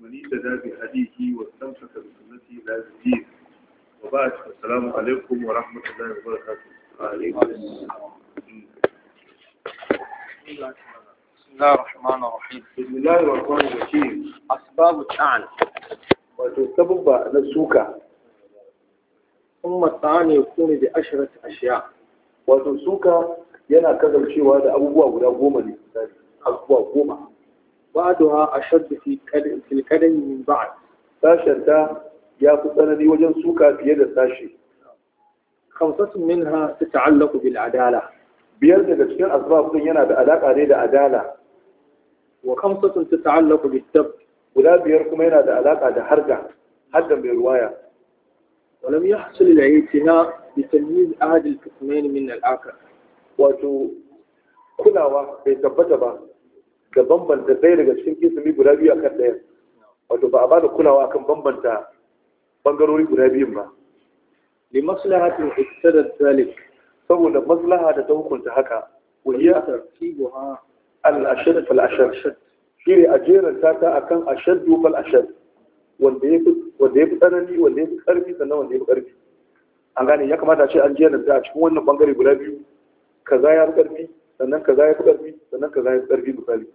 ومن اهتدى بهديه واستمسك بسنته لا الدين وبعد السلام عليكم ورحمه الله وبركاته. وعليكم السلام. بسم الله الرحمن الرحيم. بسم الله الرحمن الرحيم. اسباب التعن وتسبب نسوكا ثم التعن يكون بعشره اشياء. وتسوكه yana kasancewa da abubuwa أبوه goma ne أبوه أبوه ba'duha a fi fil qadami min ba'd sashen ta ya fi tsanani wajen suka fiye da sashi khamsatun minha tata'allaqu bil adala biyar daga cikin asbab din yana da alaka ne da adala wa khamsatun tata'allaqu bit tab guda biyar kuma yana da da harga hadda mai ruwaya ولم يحصل الاعتناء بتمييز أحد القسمين من الآخر wato kulawa bai tabbata ba ga bambanta ɗaya daga cikin kisimi guda biyu akan ɗaya wato ba a ba da kulawa kan bambanta bangarori guda biyun ba li maslahatin da zalik saboda maslaha da ta hukunta haka wajiya tartibuha al-ashad fal ashad shi ne a jeran ta akan ashaddu fal ashad wanda ya fi tsanani wanda ya fi karfi sannan wanda ya fi karfi an gane ya kamata a ce an ta a cikin wannan bangare guda biyu kaza ya fi karfi sannan ka zai fi sannan ka zai fi ƙarfi misali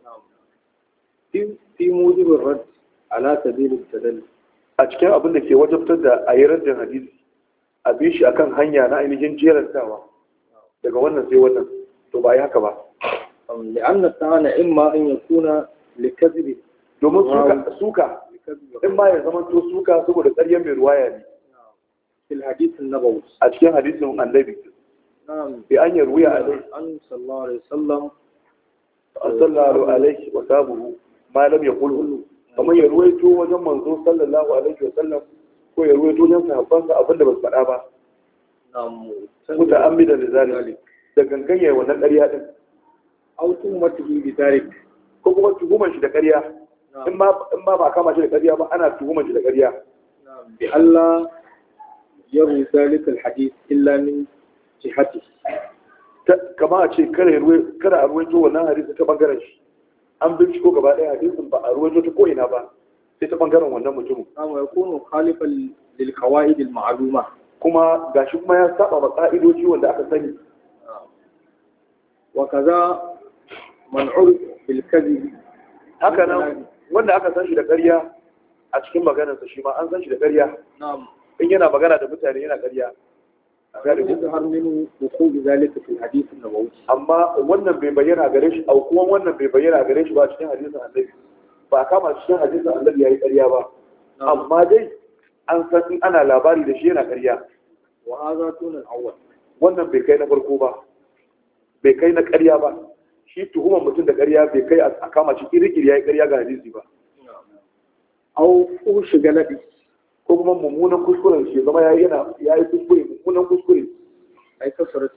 fi mujibin rad ala da tadalli a cikin abin da ke wajabtar da a yi rajin hadisi a bi shi akan hanya na ainihin jerantawa daga wannan sai wannan to ba yi haka ba li'anna ta'ana imma in yakuna likazibi? domin suka suka in ma ya zama to suka saboda ƙaryar mai ruwaya ne fil hadisin nabawus a cikin hadisin annabi bi an yi ruya alai an sallallahu sallam an sallallahu alaihi wa sabuhu ma lam ya kulhu kamar ya ruwaito wajen manzo sallallahu alaihi wa sallam ko ya ruwaito wajen sahabbansa abin da ba su faɗa ba muta amida da zalik da gangan yayi wannan din aw tuhmatu bi ko kuma tuhuman shi da ƙarya in ba ba kama shi da ƙarya ba ana tuhuman shi da ƙarya bi Allah ya ruwa zalika alhadith illa min jihati kama a ce kada a ruwaito nan hadisi ta bangaren shi an binciko gaba ɗaya hadisin ba a ruwaito ta ko'ina ba sai ta bangaren wannan mutumin kama ya kono khalifan lilkawai qawaid ma'aluma kuma ga gashi kuma ya saba ba ka'idoji wanda aka sani wa kaza man bil haka nan wanda aka san shi da ƙarya a cikin maganarsa shi ma an san shi da ƙarya in yana magana da mutane yana ƙarya فيجوز هر منه وقوع ذلك في الحديث النبوي أما wannan bai bayyana gare shi au kuma wannan bai bayyana gare shi ba cikin hadisin annabi ba a kama cikin hadisin annabi yi karya ba amma dai an san in ana labari da shi yana karya. wa hadha tunan awwal wannan bai kai na farko ba bai kai na karya ba shi tuhumar mutum da karya bai kai a kama shi ya yi karya ga hadisi ba au ko shiga nabi ko kuma mummunan kuskuren shi zama ya yana ya yi kuskure mummunan kuskure ai kasarat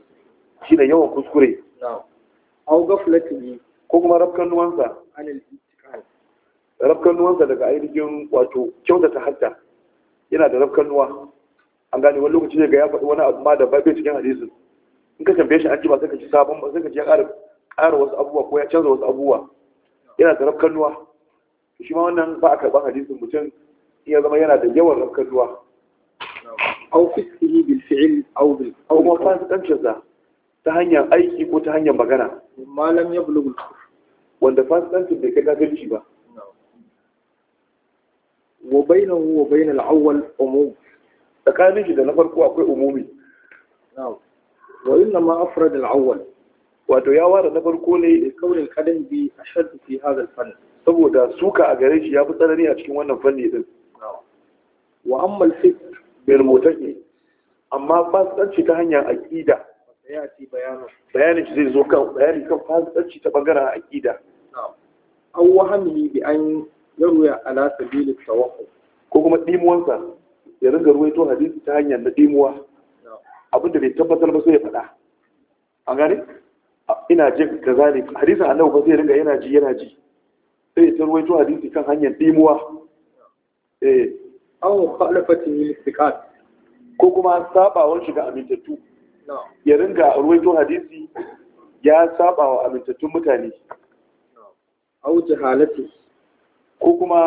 shi da yawan kuskure au gaflatin ko kuma rafkan nuwansa anil itikal rafkan nuwansa daga ainihin wato kyauta ta hadda yana da rafkan nuwa an gane wani lokaci ga ya faɗi wani abu ma da bai cikin hadisin in ka tambaye shi an ji ba sai ka ci sabon ba sai ka ji ya ƙara ƙara wasu abubuwa ko ya canza wasu abubuwa yana da rafkan nuwa shi ma wannan ba a karɓar hadisin mutum ya zama yana da yawan rafkaduwa au fisihi bil fi'il au bil au ma ta sa ta hanyar aiki ko ta hanyar magana malam ya bulugu wanda fasikancin bai kai kafirci ba wa bayna wa al awwal umum tsakanin shi da na farko akwai umumi wa inna ma afrad al awwal wato ya ware na farko ne da kaurin kadan bi ashad fi hadha al fann saboda suka a gare shi ya fi tsanani a cikin wannan fanni din wa ammal fit bil mutaqi amma fasikanci ta hanyar aqida ya ci bayanin bayanin zai zo kan bayani kan fasikanci ta bangaren aqida an wahami bi an yaruya ala sabil tawakkul ko kuma sa ya riga ruwaito hadisi ta hanyar da dimuwa da bai tabbatar ba sai ya faɗa an gane ina jin kaza ne hadisin annabi ba zai riga yana ji yana ji sai ya tarwaito hadisi kan hanyar dimuwa eh aw mukhalafatihi listiqat ko kuma sabawan shiga amintattu ya ringa ruwaito hadisi ya saba wa amintattun mutane aw jahalati ko kuma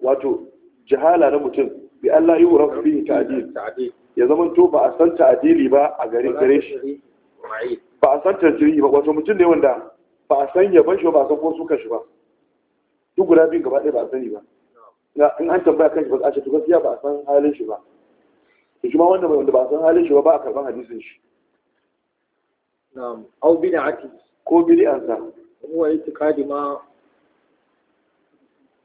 wato jahala na mutum bi Allah yi wurin fi ta'dil ya zama to ba a san ta'dili ba a garin gare shi ba a san tarjiri ba wato mutum ne wanda ba a san yaban shi ba a san ko suka shi ba duk guda biyu gaba ɗaya ba a sani ba in an tambaya kan shi ba a ce to gaskiya ba a san halin shi ba to shi ma wanda ba a san halin shi ba ba a karban hadisin shi na'am aw bid'ati ko bid'an sa huwa itiqadi ma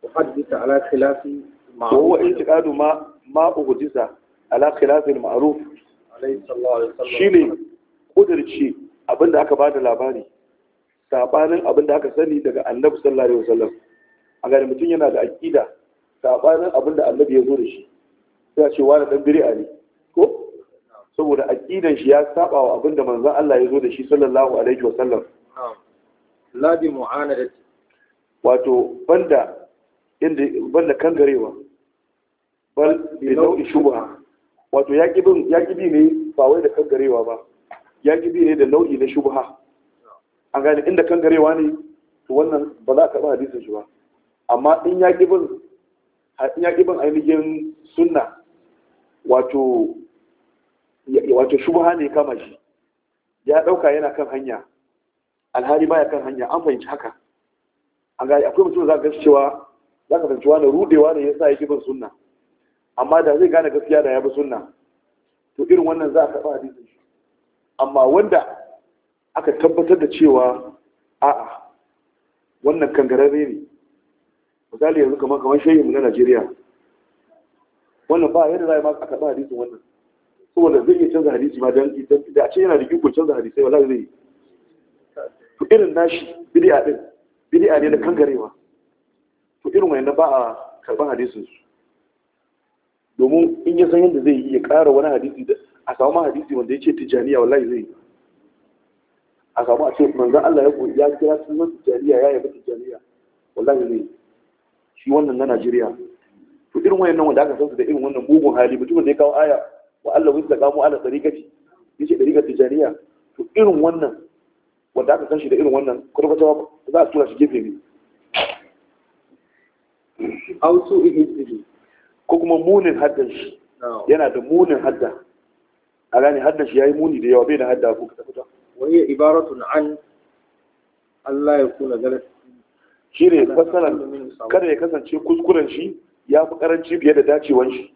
uhaddisa ala khilafi huwa itiqadu ma ma uhdisa ala khilafi al-ma'ruf alayhi sallallahu alaihi wasallam shine abinda aka bada labari sabanin abinda aka sani daga annabi sallallahu alaihi wasallam a ga mutum yana da aqida sabanin abin da annabi ya zo da shi sai ce wani dan biri'a ne ko saboda aqidan shi ya saba wa abin da manzon Allah ya zo da shi sallallahu alaihi wasallam la bi mu'anadati wato banda inda banda kangarewa bal bi nau'i shubha wato ya bin yaki bi ne ba wai da kangarewa ba ya bi ne da nau'i na shubha an gane inda kangarewa ne to wannan ba za ka ba hadisin shi ba amma in ya bin. ya ƙi bin ainihin sunna wato wato shubha ne kama shi ya ɗauka yana kan hanya alhari baya kan hanya an fahimci haka an ga akwai mutum za gaskiya cewa za ka fahimci na rudewa ne ya sa ya ƙi bin sunna amma da zai gane gaskiya da ya bi sunna to irin wannan za a taɓa hadisin shi amma wanda aka tabbatar da cewa a'a wannan kangararre ne misali yanzu kamar kamar shehu na Najeriya wannan ba yadda za a yi ma a karɓi hadisin wannan saboda zai iya canza hadisi ma idan da a ce yana da iko canza hadisai wala zai yi to irin nashi bid'a din bid'a ne na kangarewa to irin wayannan ba a karɓar hadisin su domin in ya san yadda zai yi ya ƙara wani hadisi a samu ma hadisi wanda ya ce tijaniya wallahi zai yi a samu a ce manzan Allah ya kira sunan tijaniya ya yabi tijaniya wallahi zai yi shi wannan na Najeriya to irin wayannan wanda aka san su da irin wannan mugun hali mutumin da ya kawo aya wa Allah wista kamu ala tsarikaci yace da rigar tijaniya to irin wannan wanda aka san shi da irin wannan kwata-kwata za a tura shi gefe ne auto ihidiri ko kuma munin haddan shi yana da munin hadda a gani haddan shi yayi muni da yawa bai da hadda ko kwata tafuta. wani ibaratun an Allah ya kula galat shi ne fassarar kada ya kasance kuskuren shi ya fi karanci biye da dacewan shi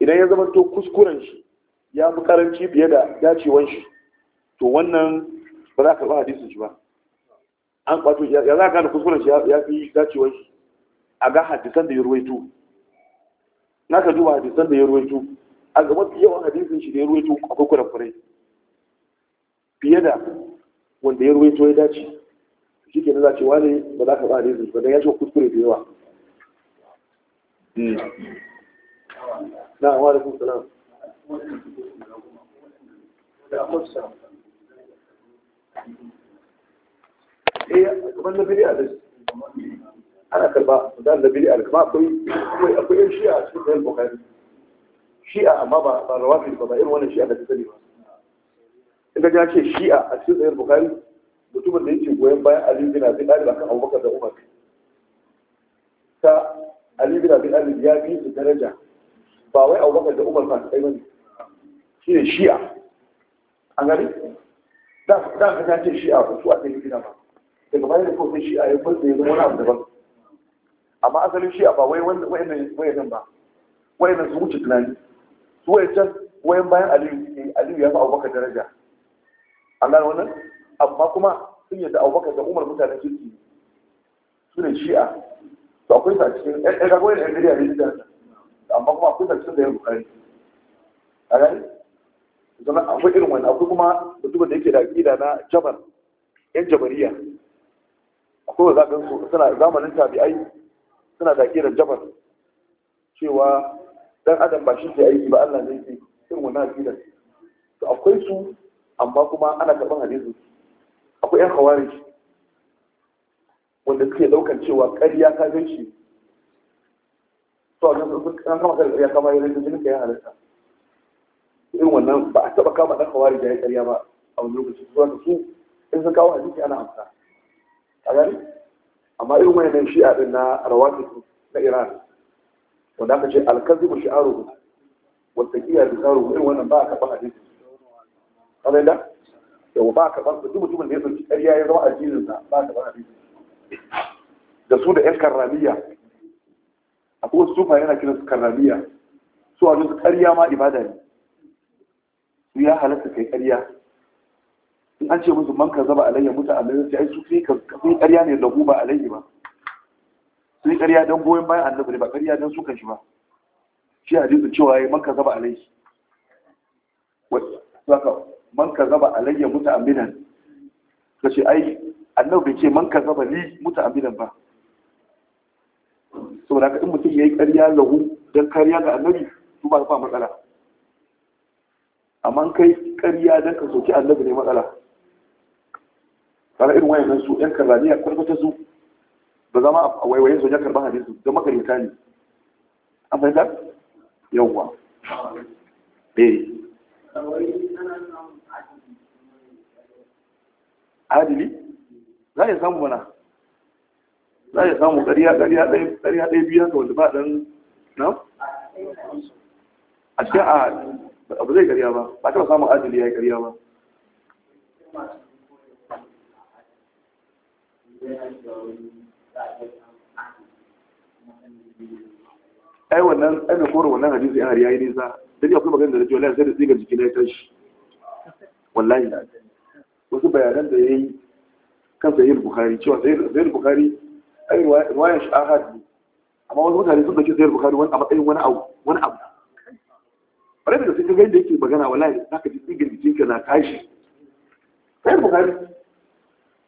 idan ya zama to kuskuren shi ya fi karanci biye da dacewan shi to wannan ba za ka ba hadisin shi ba an kwato ya za ka gane kuskuren shi ya fi dacewan shi a ga hadisan da ya ruwaito na ka duba hadisan da ya ruwaito a ga mafi yawan hadisin shi da ya ruwaito akwai kurakurai fiye da wanda ya ruwaito ya dace shi ke za ce wane ba za ka ba hadisi ba dan ya shiga kuskure da yawa na'am wa alaikum salam eh kamar na bid'a da ana karba da na bid'a kuma akwai akwai akwai yan shi'a cikin sahih bukhari shi'a amma ba ba rawafi ba ba irin wannan shi'a da ta sani ba in ka ce shi'a a cikin sahih bukhari mutumin da yake goyon bayan Ali bin Abi Talib akan Abubakar da Umar ta Ali bin Abi Talib ya fi su daraja ba wai Abubakar da Umar ba sai wani. shi ne Shi'a an gani da da ka ce Shi'a ko su a cikin gida ba daga bayan da ko sai Shi'a ya furta ya zama wani abu daban amma asalin Shi'a ba wai wanda wayannan wayannan ba wayannan su wuce tunani su wayancan wayan bayan Aliyu Aliyu ya fi Abubakar daraja an gane wannan amma kuma sun yadda abubakar da umar mutanen kirki su ne shi'a to akwai sa cikin ɗan gagoyin ɗan gariya ne da amma kuma akwai sa cikin da ya bukari a gani zama akwai irin wani akwai kuma mutumin da yake da aƙida na jabar yan jabariya akwai wanda za su suna zamanin tabi'ai suna da aƙidar jabar cewa dan adam ba shi ke aiki ba Allah ne ke irin wannan aƙidar to akwai su amma kuma ana karɓar hadisin akwai yan hawari wanda suke daukan cewa ƙarya ta ganci to a kan kama kan ƙarya kama yana jinin ka ya halatta irin wannan ba a taɓa kama ɗan hawari da ya ƙarya ba a wani lokaci su wanda su in sun kawo hadisi ana amsa a gani amma irin wayannan shi'a ɗin na rawatiku na Iran wanda aka ce alkazibu shi'aruhu wata kiyar da tsaruhu irin wannan ba a taɓa hadisi. Kamar yau ba ka ban duk mutumin da ya sauki ƙarya ya zama addinin ba ka ban addinin da su da ƴan karramiya akwai wasu tufa yana kiran su karramiya su a su ƙarya ma ibada ne su ya halatta kai ƙarya in an ce musu man ka zaba alayya muta alayya sai ai su sai ka sai ƙarya ne lahu ba alayya ba su yi ƙarya don goyon bayan annabi ne ba ƙarya don sukan shi ba shi hadisin cewa ya man ka zaba alayya man zaba alayya ka ce ai annau bai ce man ni li aminan ba saboda ka in mutum yayi ƙarya lahu dan ƙarya ga annabi su ba ba matsala amma kai ƙarya don ka soki annabi ne matsala kana irin wayannan su yan kazaniya kwatkwata su ba zama a waiwaye su ya karɓa hadisi don makaryata ne an fahimta yawwa eh adili za ya samu mana za ya samu ƙariya ƙariya ɗaya biya ga wanda ba ɗan na? a cikin a abu zai ƙariya ba ba taɓa samun adili ya yi ƙariya ba ai wannan ai da koro wannan hadisi yan har yi nisa sai kuma magana da rajin wallahi sai da tsigar jiki na ya tashi wallahi wasu bayanan da ya yi kan sahih bukhari cewa sahih bukhari ai riwayar shi ahad ne amma wasu mutane sun dauki sahih bukhari wani a matsayin wani abu wani abu bare da sai kaga yadda yake magana wallahi ka ji tsigar jiki ka na tashi sahih bukhari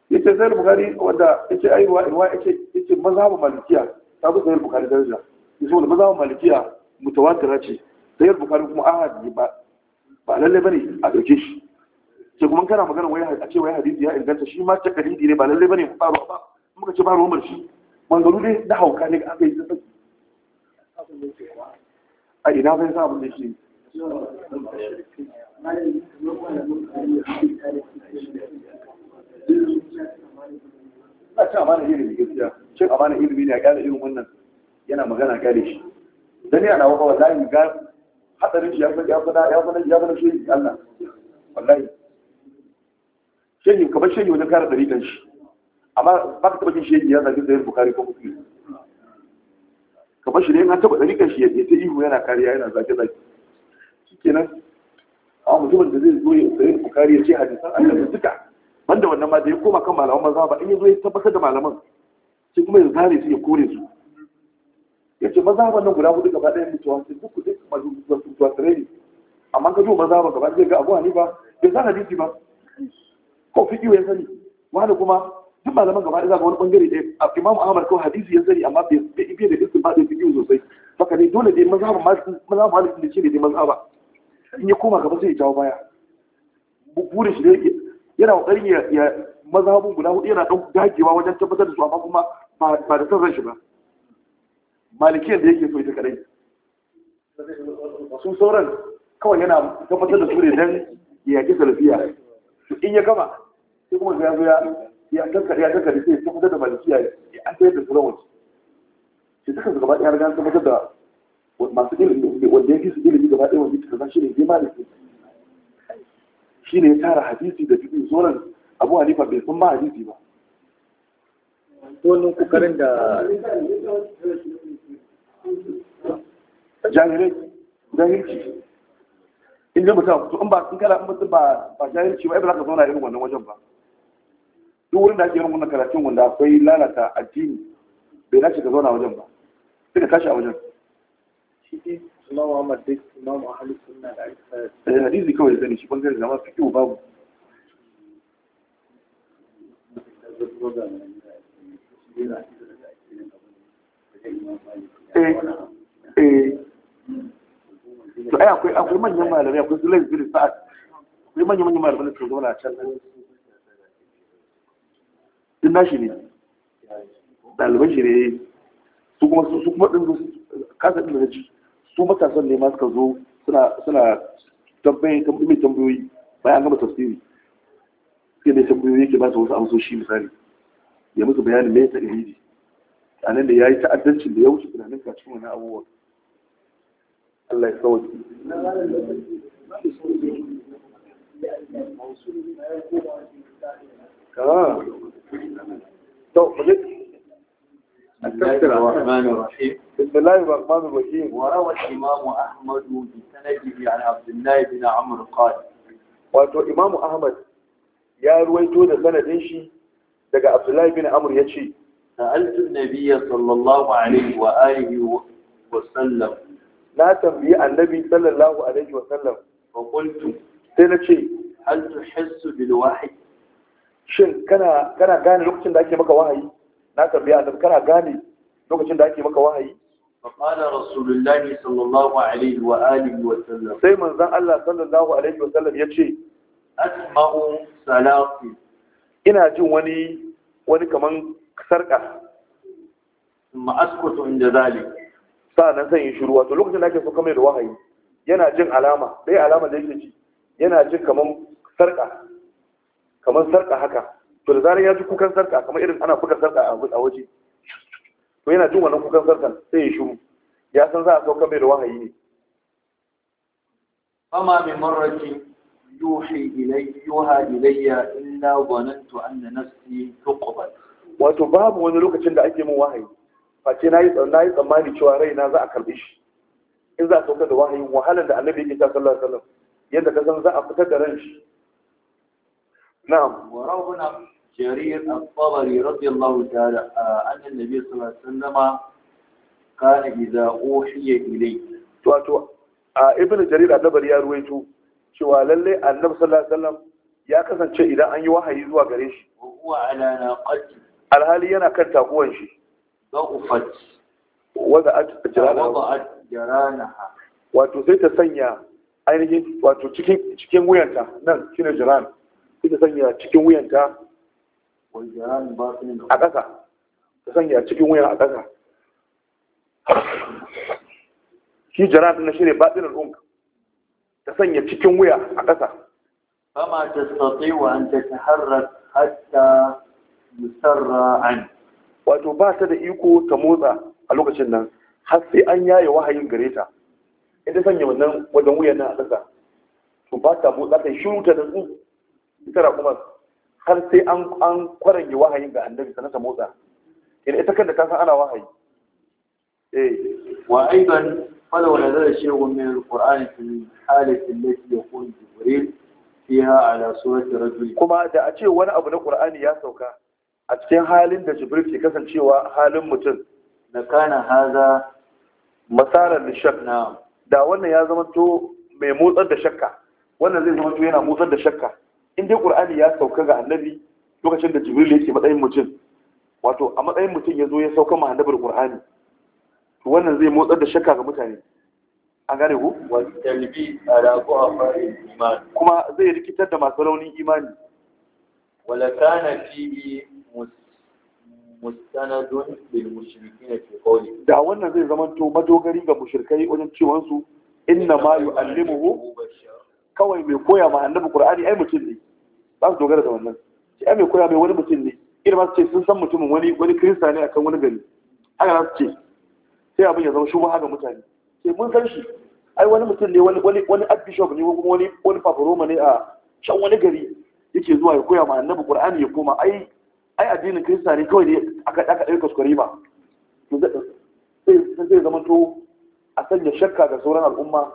yace sahih bukhari wanda yace ai riwaya yace yace mazhabin malikiya ta zo sahih bukhari daraja yace wanda mazhabin malikiya mutawatira ce sai bukari kuma ahad ne ba ba lalle bane a dauke shi sai kuma kana magana wai a ce wai hadisi ya inganta shi ma ta kalidi ne ba lalle bane ba ba muka ce ba ruwan shi mangaru dai da hauka ne aka yi zai a ina bai sa abin da shi cin amana ilimi gaskiya cin amana ilimi ne a kyale irin wannan yana magana kyale shi dan wa zai ga hadarin shi ya fi ya fi ya fi shehi Allah wallahi shehi kamar shehi wajen kare dariƙan shi amma ba ka taɓa jin shehi ya zagi zai bukari ko musulmi kamar shi ne an taɓa dariƙan shi ya ta ihu yana kariya yana zage zage shikenan a mutumin da zai zo ya sayar bukari ya ce hadisan annabi duka banda wannan ma da ya koma kan malaman maza ba in ya zo ya tabbatar da malaman sai kuma ya zare su ya kore su ya ce maza ba nan guda hudu gaba ɗaya mutuwa sai duk kuɗi masuwasirai ne amma ka duba za ba zai ga abu hanifa bai san hadisi ba ko fiƙi ya sani kuma duk malaman gaba wani ɗaya ya sani amma bai da ba da sosai dole dai in ya koma gaba sai ya jawo baya burin shi yana kokarin ya mazhabun guda hudu yana ɗan wajen tabbatar da su amma kuma ba da son da yake so ita kadai su sauran kawai yana tabbatar da su ne don ya yaki salafiya in ya kama sai kuma ya zo ya kankare ya kankare sai tabbatar da malikiya ya an tayar da sauran wasu sai duka su gaba ɗaya riga tabbatar da masu ilimi wanda ya fi su ilimi gaba ɗaya wanda ya fi shi ne zai maliki shi ne ya tara hadisi da fiƙi sauran abu hanifa bai san ba hadisi ba wannan kokarin da jahilai jahilci in da mutum to in ba in kana in mutum ba ba jahilci ba ba ka zauna irin wannan wajen ba duk wurin da ake irin wannan karatun wanda akwai lalata addini bai dace ka zauna wajen ba sai ka tashi a wajen shi ne Imam Ahmad duk Imam Ahmad sunna da aka eh hadisi kawai zani shi bangare da ma fiqh babu eh eh to ai akwai akwai manyan malamai akwai su laifi bin sa'ad akwai manyan manyan malamai da su zauna can nan din nashi ne ɗaliban shi ne su kuma su kuma ɗin kasa ɗin da ji su matasan ne ma suka zo suna suna tambayi tambayi tambayoyi bayan gama tafsiri sai ne tambayoyi yake ba su wasu amsoshi misali ya musu bayanin me ya ta'iriri a nan da ya yi ta'addancin da ya wuce tunanin ka cikin wani abubuwan Allah ya sauki بسم الله الرحمن الرحيم وروى الإمام أحمد بسنده عن عبد الله بن عمرو قال wato Imam Ahmad ya ruwaito da sanadin shi daga Abdullahi bin Amr yace sa'altu an-nabiyya sallallahu alaihi wa alihi wa na tambayi annabi sallallahu alaihi wa sallam fa qultu sai na ce hal tuhissu bil wahyi shin kana kana gane lokacin da ake maka wahayi na tambayi annabi kana gane lokacin da ake maka wahayi fa qala rasulullahi sallallahu alaihi wa alihi wa sallam sai manzon Allah sallallahu alaihi wa sallam yace asma'u salati ina jin wani wani kaman sarka ma askutu inda zalik sa'annan sai yi shiru wato lokacin da ake so kamar da wahayi yana jin alama dai alama da yake ji yana jin kaman sarka kaman sarka haka to da zarar ya ji kukan sarka kamar irin ana buga sarka a waje to yana jin wannan kukan sarkan sai ya shiru ya san za a so mai da wahayi ne fama bi marrati yuhi ilayya yuha ilayya illa zanantu anna nafsi tuqbal wato babu wani lokacin da ake min wahayi face na yi tsammani cewa raina za a karbi shi in za a sauka da wahayin wahalar da annabi yake ta sallar. alaihi yadda ka san za a fitar da ran shi na'am wa rawna jarir at-tabari radiyallahu ta'ala anna nabiy sallallahu alaihi wasallam kana idza uhiya ilayhi wato a ibnu jarir at-tabari ya ruwaito cewa lalle annabi sallallahu alaihi wasallam ya kasance idan an yi wahayi zuwa gare shi wa huwa ala naqati alhali yana kan takuwan shi ضعفت وضعت جرانها جرانها wato sai ta sanya ainihin wato cikin cikin wuyanta nan shine jiran sai ta sanya cikin wuyanta a ƙasa ta sanya cikin wuyan a ƙasa shi jiran na shine batinin unk ta sanya cikin wuya a ƙasa fama tastati wa an tataharrak hatta musarra an wato ba ta da iko ta motsa a lokacin nan har sai an yaye wahayin gare ta idan sanya wannan wajen wuyan nan a ƙasa to ba ta motsa ta shiru ta nutsu ita raƙumar har sai an an kwaranye wahayin ga annabi sannan ta motsa ina ita kanta ta san ana wahayi eh wa aidan falaw nazara shay'un min alqur'ani fil halati allati yakun jibril fiha ala surati rajul kuma da a ce wani abu na qur'ani ya sauka a cikin halin da jibril ke kasancewa halin mutum na kana haza masarar da shak na da wannan ya zama to mai motsar da shakka wannan zai zama to yana motsar da shakka in dai qur'ani ya sauka ga annabi lokacin da jibril yake matsayin mutum wato a matsayin mutum ya zo ya sauka ma annabar qur'ani to wannan zai motsar da shakka ga mutane an gane ku kuma zai rikitar da masu raunin imani wala kana fi mustanadun lil mushrikin fi qawli da wannan zai zama to madogari ga mushrikai wajen cewa su inna ma yu'allimuhu kawai mai koya ma annabi qur'ani ai mutum ne ba su dogara da wannan shi ai mai koya mai wani mutum ne irin masu ce sun san mutumin wani wani kirista ne akan wani gari haka za su ce sai abin ya zama shubha ga mutane sai mun san shi ai wani mutum ne wani wani wani archbishop ne wani wani wani paparoma ne a can wani gari yake zuwa ya koya ma annabi qur'ani ya koma ai ai addinin kirista ne kawai ne aka ɗaka ɗaya kuskure Sun zai zama to a sanya shakka ga sauran al'umma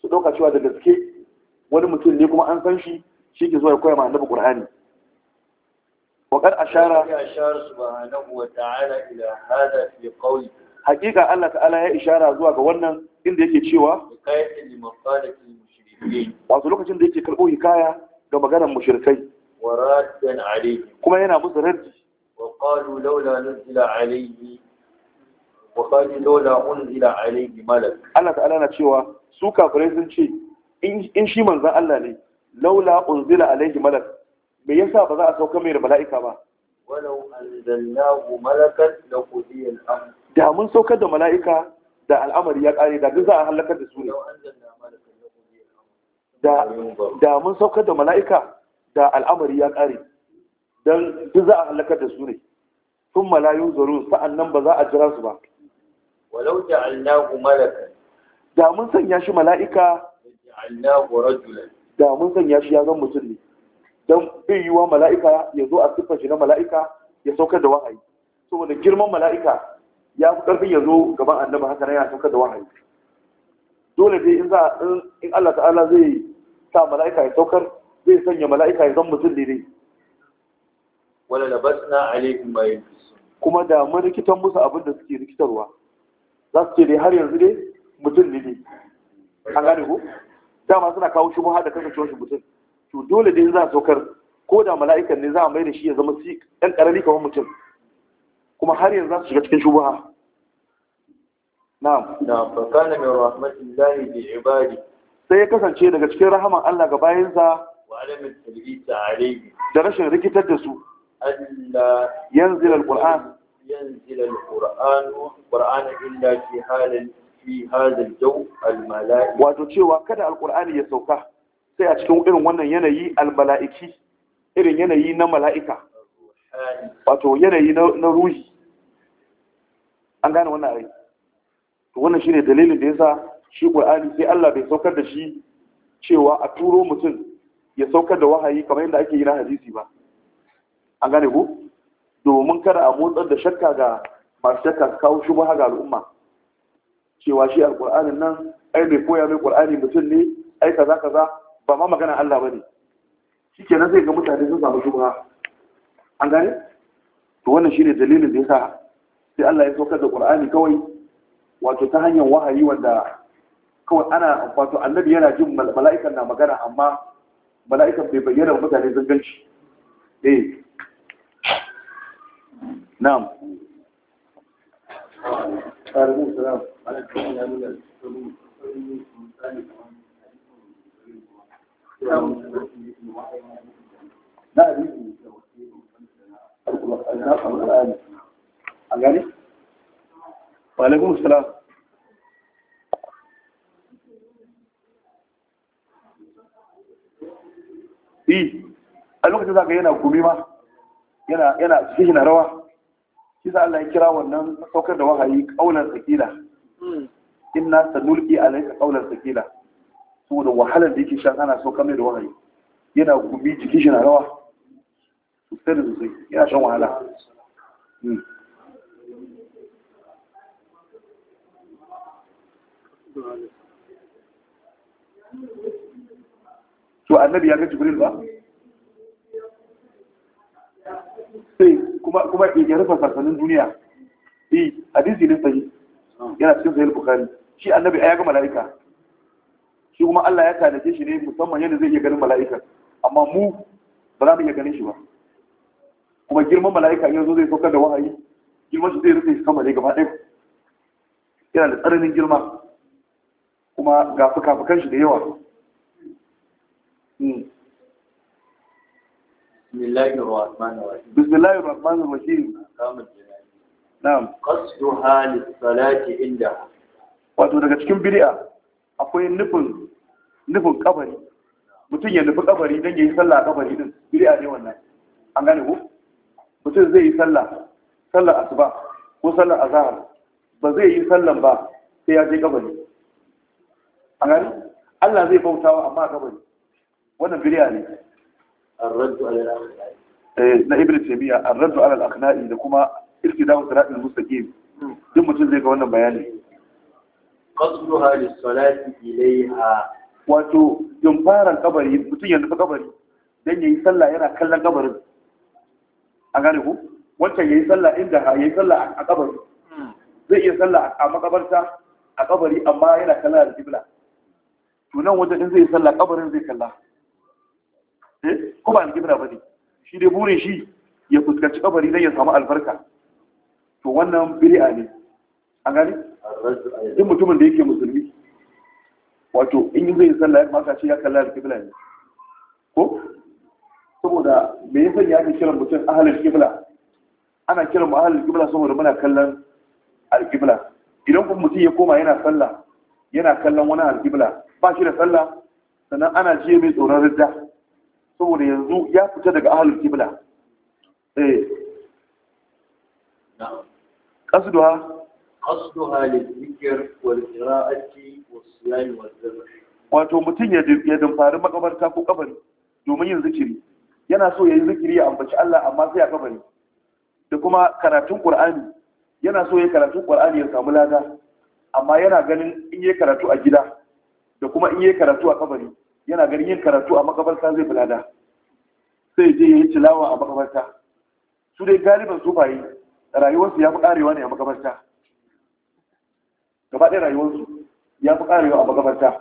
su ɗauka cewa da gaske wani mutum ne kuma an san shi shi ke zuwa ya koya ma annabi qur'ani وقد أشار أشار سبحانه وتعالى إلى هذا في wannan حقيقة الله تعالى إشارة زوا قولنا إن ديك تشيوا حكاية لمقالة المشركين إن ديك حكاية وراد عليه كما هنا مصدر رد وقالوا لولا نزل عليه وقالوا لولا انزل عليه ملك cewa su kafirai ce in shi manzon Allah ne laula unzila alaihi malak me yasa ba za a sauka mai mala'ika ba walau anzalnahu malakan la qudiyal amr da mun saukar da mala'ika da al'amari ya kare da za a halakar da su ne da da mun saukar da mala'ika da al'amari ya ƙare don duk za a halakar da su ne sun malayu zaru sa'an nan ba za a jira su ba walau allahu malaka da mun sanya shi mala'ika da mun sanya shi ya zan mutum ne don bai yiwa mala'ika ya zo a siffar shi na mala'ika ya saukar da wahayi saboda girman mala'ika ya fi ƙarfin ya zo gaban annabi haka na ya saukar da wahayi dole dai in za in Allah ta'ala zai sa mala'ika ya saukar zai sanya mala'ika ya zan mutum ne wala labasna alaihim ma yalbisun kuma da marikitan rikitan musu abin da suke rikitarwa za su ce dai har yanzu dai mutum ne an gane ko dama suna kawo shi muha da kasancewar shi mutum to dole dai za a saukar ko da mala'ikan ne za a mai da shi ya zama si ɗan ƙarami kamar mutum kuma har yanzu za su shiga cikin shubuha na'am na'am fa kana min rahmatillahi bi ibadi sai ya kasance daga cikin rahaman Allah ga bayinsa da rashin rikitar da su yanzil al al-qur'an halin fi al wato cewa kada al-qur'ani ya sauka sai a cikin irin wannan yanayi al-mala'iki irin yanayi na mala'ika wato yanayi na ruhi an gane wannan ai to wannan shine dalilin da yasa shi qur'ani sai Allah bai saukar da shi cewa a turo mutum ya saukar da wahayi kamar yadda ake yi na hadisi ba an gane ku domin kada a motsar da shakka ga masu shakka su kawo shubha ga al'umma cewa shi alƙur'anin nan ai mai koya mai ƙur'ani mutum ne ai kaza kaza ba ma magana Allah bane shikenan zai ga mutane sun samu shubha an gane to wannan shine dalilin da yasa sai Allah ya saukar da ƙur'ani kawai wato ta hanyar wahayi wanda kawai ana wato annabi yana jin mala'ikan na magana amma mala'ikan bai bayyana wa mutane zanganci eh na'am alaikum salam alaikum ya nuna na abin a gani? wa alaikum salam eh a lokacin zaka yana gumi ma yana yana cikin na rawa shi sa Allah ya kira wannan saukar da wahayi kaulan sakila hmm. inna sanulqi alayka kaulan sakila saboda wahalar da yake shan ana so kame da wahayi yana gumi cikin shi na rawa sosai da sosai yana shan wahala Thank hmm. you. to annabi ya ga jibril ba sai kuma kuma ya rufe sarsanin duniya eh hadisi ne sai yana cikin sahih bukhari shi annabi ya ga mala'ika shi kuma Allah ya tanaje shi ne musamman yadda zai iya ganin mala'ika amma mu ba za mu iya ganin shi ba kuma girman mala'ika zo zai saukar da wahayi girman shi zai rufe shi sama ne gaba ɗaya yana da tsananin girma kuma ga fuka-fukan shi da yawa بسم الله الرحمن الرحيم نعم قصدها للصلاة عندها wato daga cikin bid'a akwai nufin nufin kabari mutum ya nufi kabari don ya yi sallah a kabari din bid'a ne wannan an gane ko mutum zai yi sallah sallah asuba ko sallah azhar ba zai yi sallan ba sai ya je kabari an gane Allah zai bautawa amma a kabari wannan biriya ne eh, na ibn taymiya an rantu ala al'akna'i da kuma istidawu sirat al-mustaqim hmm. duk mutum zai ga wannan bayani qasduha lis-salati ilayha wato yin fara kabari mutum ya nufi kabari don yayi sallah yana kallon kabarin A gane ku wancan yayi sallah inda yayi sallah a kabari hmm. zai iya sallah a makabarta a kabari amma yana kallon al-qibla to nan wajen zai sallah kabarin zai kalla Eh? ko ba alƙibla ba ne shi dai burin shi ya fuskanci kabari don ya samu albarka to wannan bid'a ne an gani in mutumin da yake musulmi wato in yi zai sallah ya maka ce ya kalla alƙibla ne ko saboda me yasa ya ake kiran mutum ahalin kibla ana kiran mu ahalin kibla saboda muna kallon alkibla idan kuma mutum ya koma yana sallah yana kallon wani alkibla ba shi da sallah sannan ana jiye mai tsoron ridda saboda yanzu ya fita daga ahalul kibla eh qasduha qasduha lizikr wal qira'ati was siyam wal wato mutum ya ya dumfari makabarta ko kabari domin yin zikiri yana so ya yi zikiri ya ambaci Allah amma sai a kabari da kuma karatun Qur'ani yana so ya yi karatun Qur'ani ya samu lada amma yana ganin in yi karatu a gida da kuma in yi karatu a kabari yana ganin yin karatu a makabarta zai bulada sai je yi tilawa a makabarta su dai galiban su bayi rayuwarsu ya fi karewa ne a makabarta gaba ɗaya rayuwarsu ya fi karewa a makabarta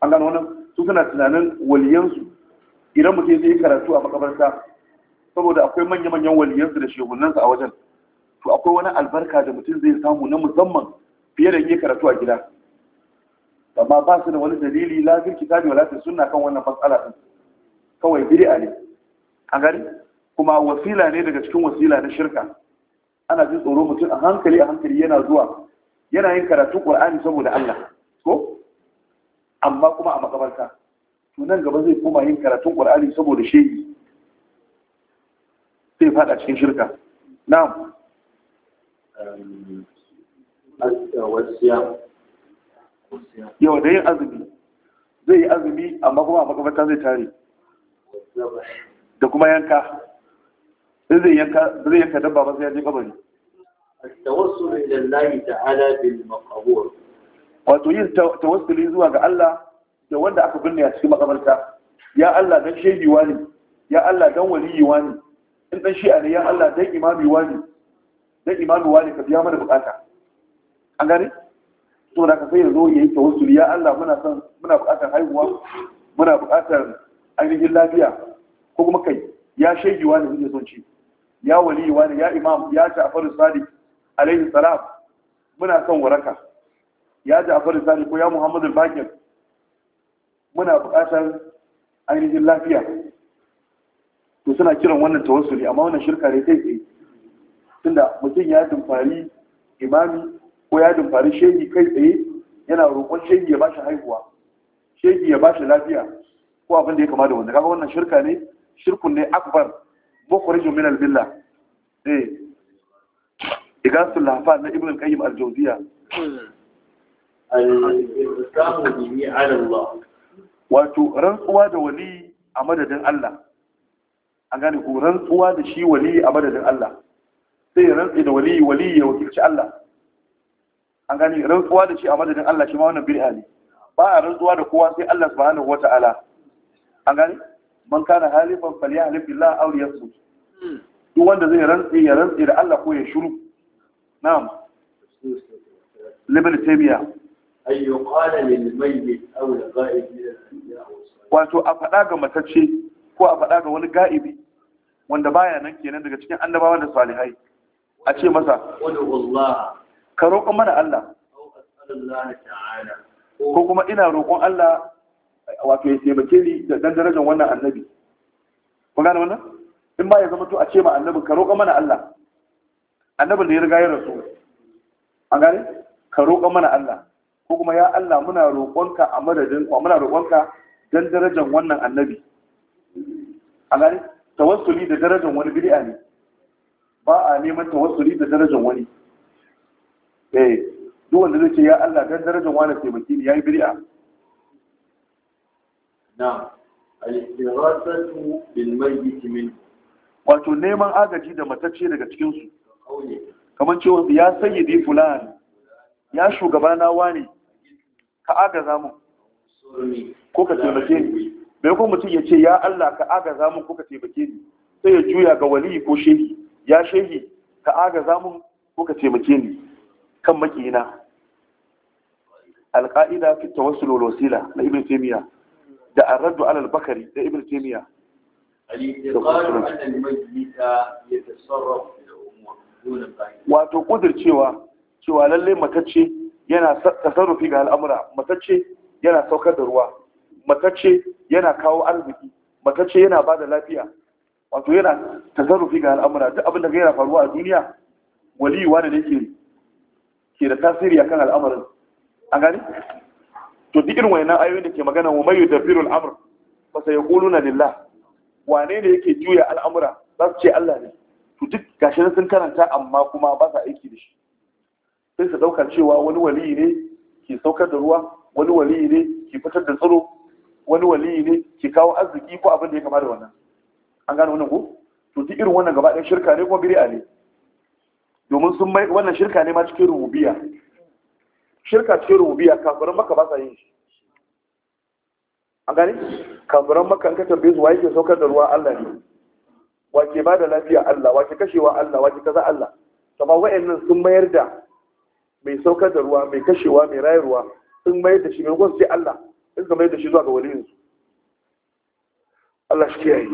an gano wannan su suna tunanin waliyansu idan mutum zai yi karatu a makabarta saboda akwai manya-manyan waliyansu da shehunansu a wajen to akwai wani albarka da mutum zai samu na musamman fiye da yin karatu a gida amma ba su da wani dalili la fil kitabi wala fil sunna kan wannan matsala din kawai bid'a ne a gari kuma wasila ne daga cikin wasila na shirka ana jin tsoro mutum a hankali a hankali yana zuwa yana yin karatu qur'ani saboda Allah ko amma kuma a makabarta to nan gaba zai koma yin karatun qur'ani saboda shehi sai fada cikin shirka na'am wasiyam yau da yin azumi zai yi azumi amma kuma a makamata zai tare da kuma yanka zai yanka zai yanka dabba ba sai ya je kabari التوسل إلى الله تعالى بالمقبور wato yin tawassuli zuwa ga Allah da wanda aka binne a cikin makabarta ya Allah dan shehi wani ya Allah dan waliyi wani in dan shi'a ne ya Allah dan imami wani dan imami wani ka biya mana bukata an gane to da ka sai da zo yayi yi tawassuli ya Allah muna son muna buƙatar haihuwa muna buƙatar ainihin lafiya ko kuma kai ya shege wani muke son ci ya wali wani ya imam ya Ja'far Sadiq alaihi salam muna son waraka ya Ja'far Sadiq ko ya Muhammad al-Baqir muna buƙatar ainihin lafiya to suna kiran wannan tawassuli amma wannan shirka ne kai tsaye tunda mutum ya dumfari imami ko ya dumfari shegi kai tsaye yana roƙon shegi ya bashi haihuwa shegi ya bashi lafiya ko abin da ya kama da wanda kaga wannan shirka ne shirkun ne akbar mukhrijun min albilla billah eh igasul lafa na ibn qayyim aljawziya jawziya al-islamu bihi ala Allah wato rantsuwa da wali a madadin Allah an gane ku rantsuwa da shi wali a madadin Allah sai rantsi da wali wali ya wakilci Allah an gani rantsuwa da shi a madadin Allah shi ma wannan bid'a ne ba a rantsuwa da kowa sai Allah subhanahu wata'ala an gani man kana halifan falyahlif billah aw yasmut duk wanda zai rantsi ya rantsi da Allah ko ya shiru na'am libel taymiya ay qala lil mayyit aw la ghaib wato a faɗa ga matacce ko a faɗa ga wani ga'ibi wanda baya nan kenan daga cikin annabawa da salihai a ce masa wallahi ka roƙon mana Allah ko kuma ina roƙon Allah wato ya taimake ni da dan darajar wannan annabi kun gane wannan in ba ya zama to a ce ma annabi ka roƙon mana Allah annabin da ya riga ya rasu an gane ka roƙon mana Allah ko kuma ya Allah muna roƙonka a madadin ko muna roƙonka dan darajar wannan annabi an gane tawassuli da darajar wani bid'a ne ba a neman tawassuli da darajar wani eh duk wanda zai ce ya Allah dan darajar wani taimaki ne yayi bid'a na al-istighathatu bil mayyit min wato neman agaji da matacce daga cikin su kamar cewa ya sayyidi fulan ya shugabana wani ka agaza mu ko ka taimake ni bai kuma mutum ya ce ya Allah ka agaza mu ko ka taimake ni sai ya juya ga wali ko shehi ya shehi ka agaza mu ko ka taimake ni kan makina alƙa'ida fi tawassul wal wasila na ibn taymiya da ar raddu ala al-bakari da ibn taymiya wato kudur cewa cewa lalle matacce yana tasarrufi ga al'amura matacce yana saukar da ruwa matacce yana kawo arziki matacce yana ba da lafiya wato yana tasarrufi ga al'amura duk abin da ga yana faruwa a duniya waliyuwa ne nake ke da tasiri akan al'amarin A gani to duk irin wayannan ayoyin da ke magana wa mayu dabbirul amr fa sayquluna lillah wane ne yake juya al'amura za su ce Allah ne to duk gashi sun karanta amma kuma ba sa aiki da shi sai su dauka cewa wani wali ne ke saukar da ruwa wani wali ne ke fitar da tsaro wani wali ne ke kawo arziki ko abin da ya kama da wannan an gane wannan ko to duk irin wannan gaba ɗaya shirka ne kuma bid'a ne domin sun mai wannan shirka ne ma cikin rububiya shirka cikin rububiya kafiran maka ba sa yin shi an gani kafiran maka an ka tambaye wa yake saukar da ruwa Allah ne wa ke ba da lafiya Allah wa ke kashewa Allah wa ke kaza Allah kama wa'annan sun mayar da mai saukar da ruwa mai kashewa mai rayarwa sun mayar da shi mai gwasu Allah in ka mayar da shi zuwa ga waliyin yanzu. Allah shi kiyaye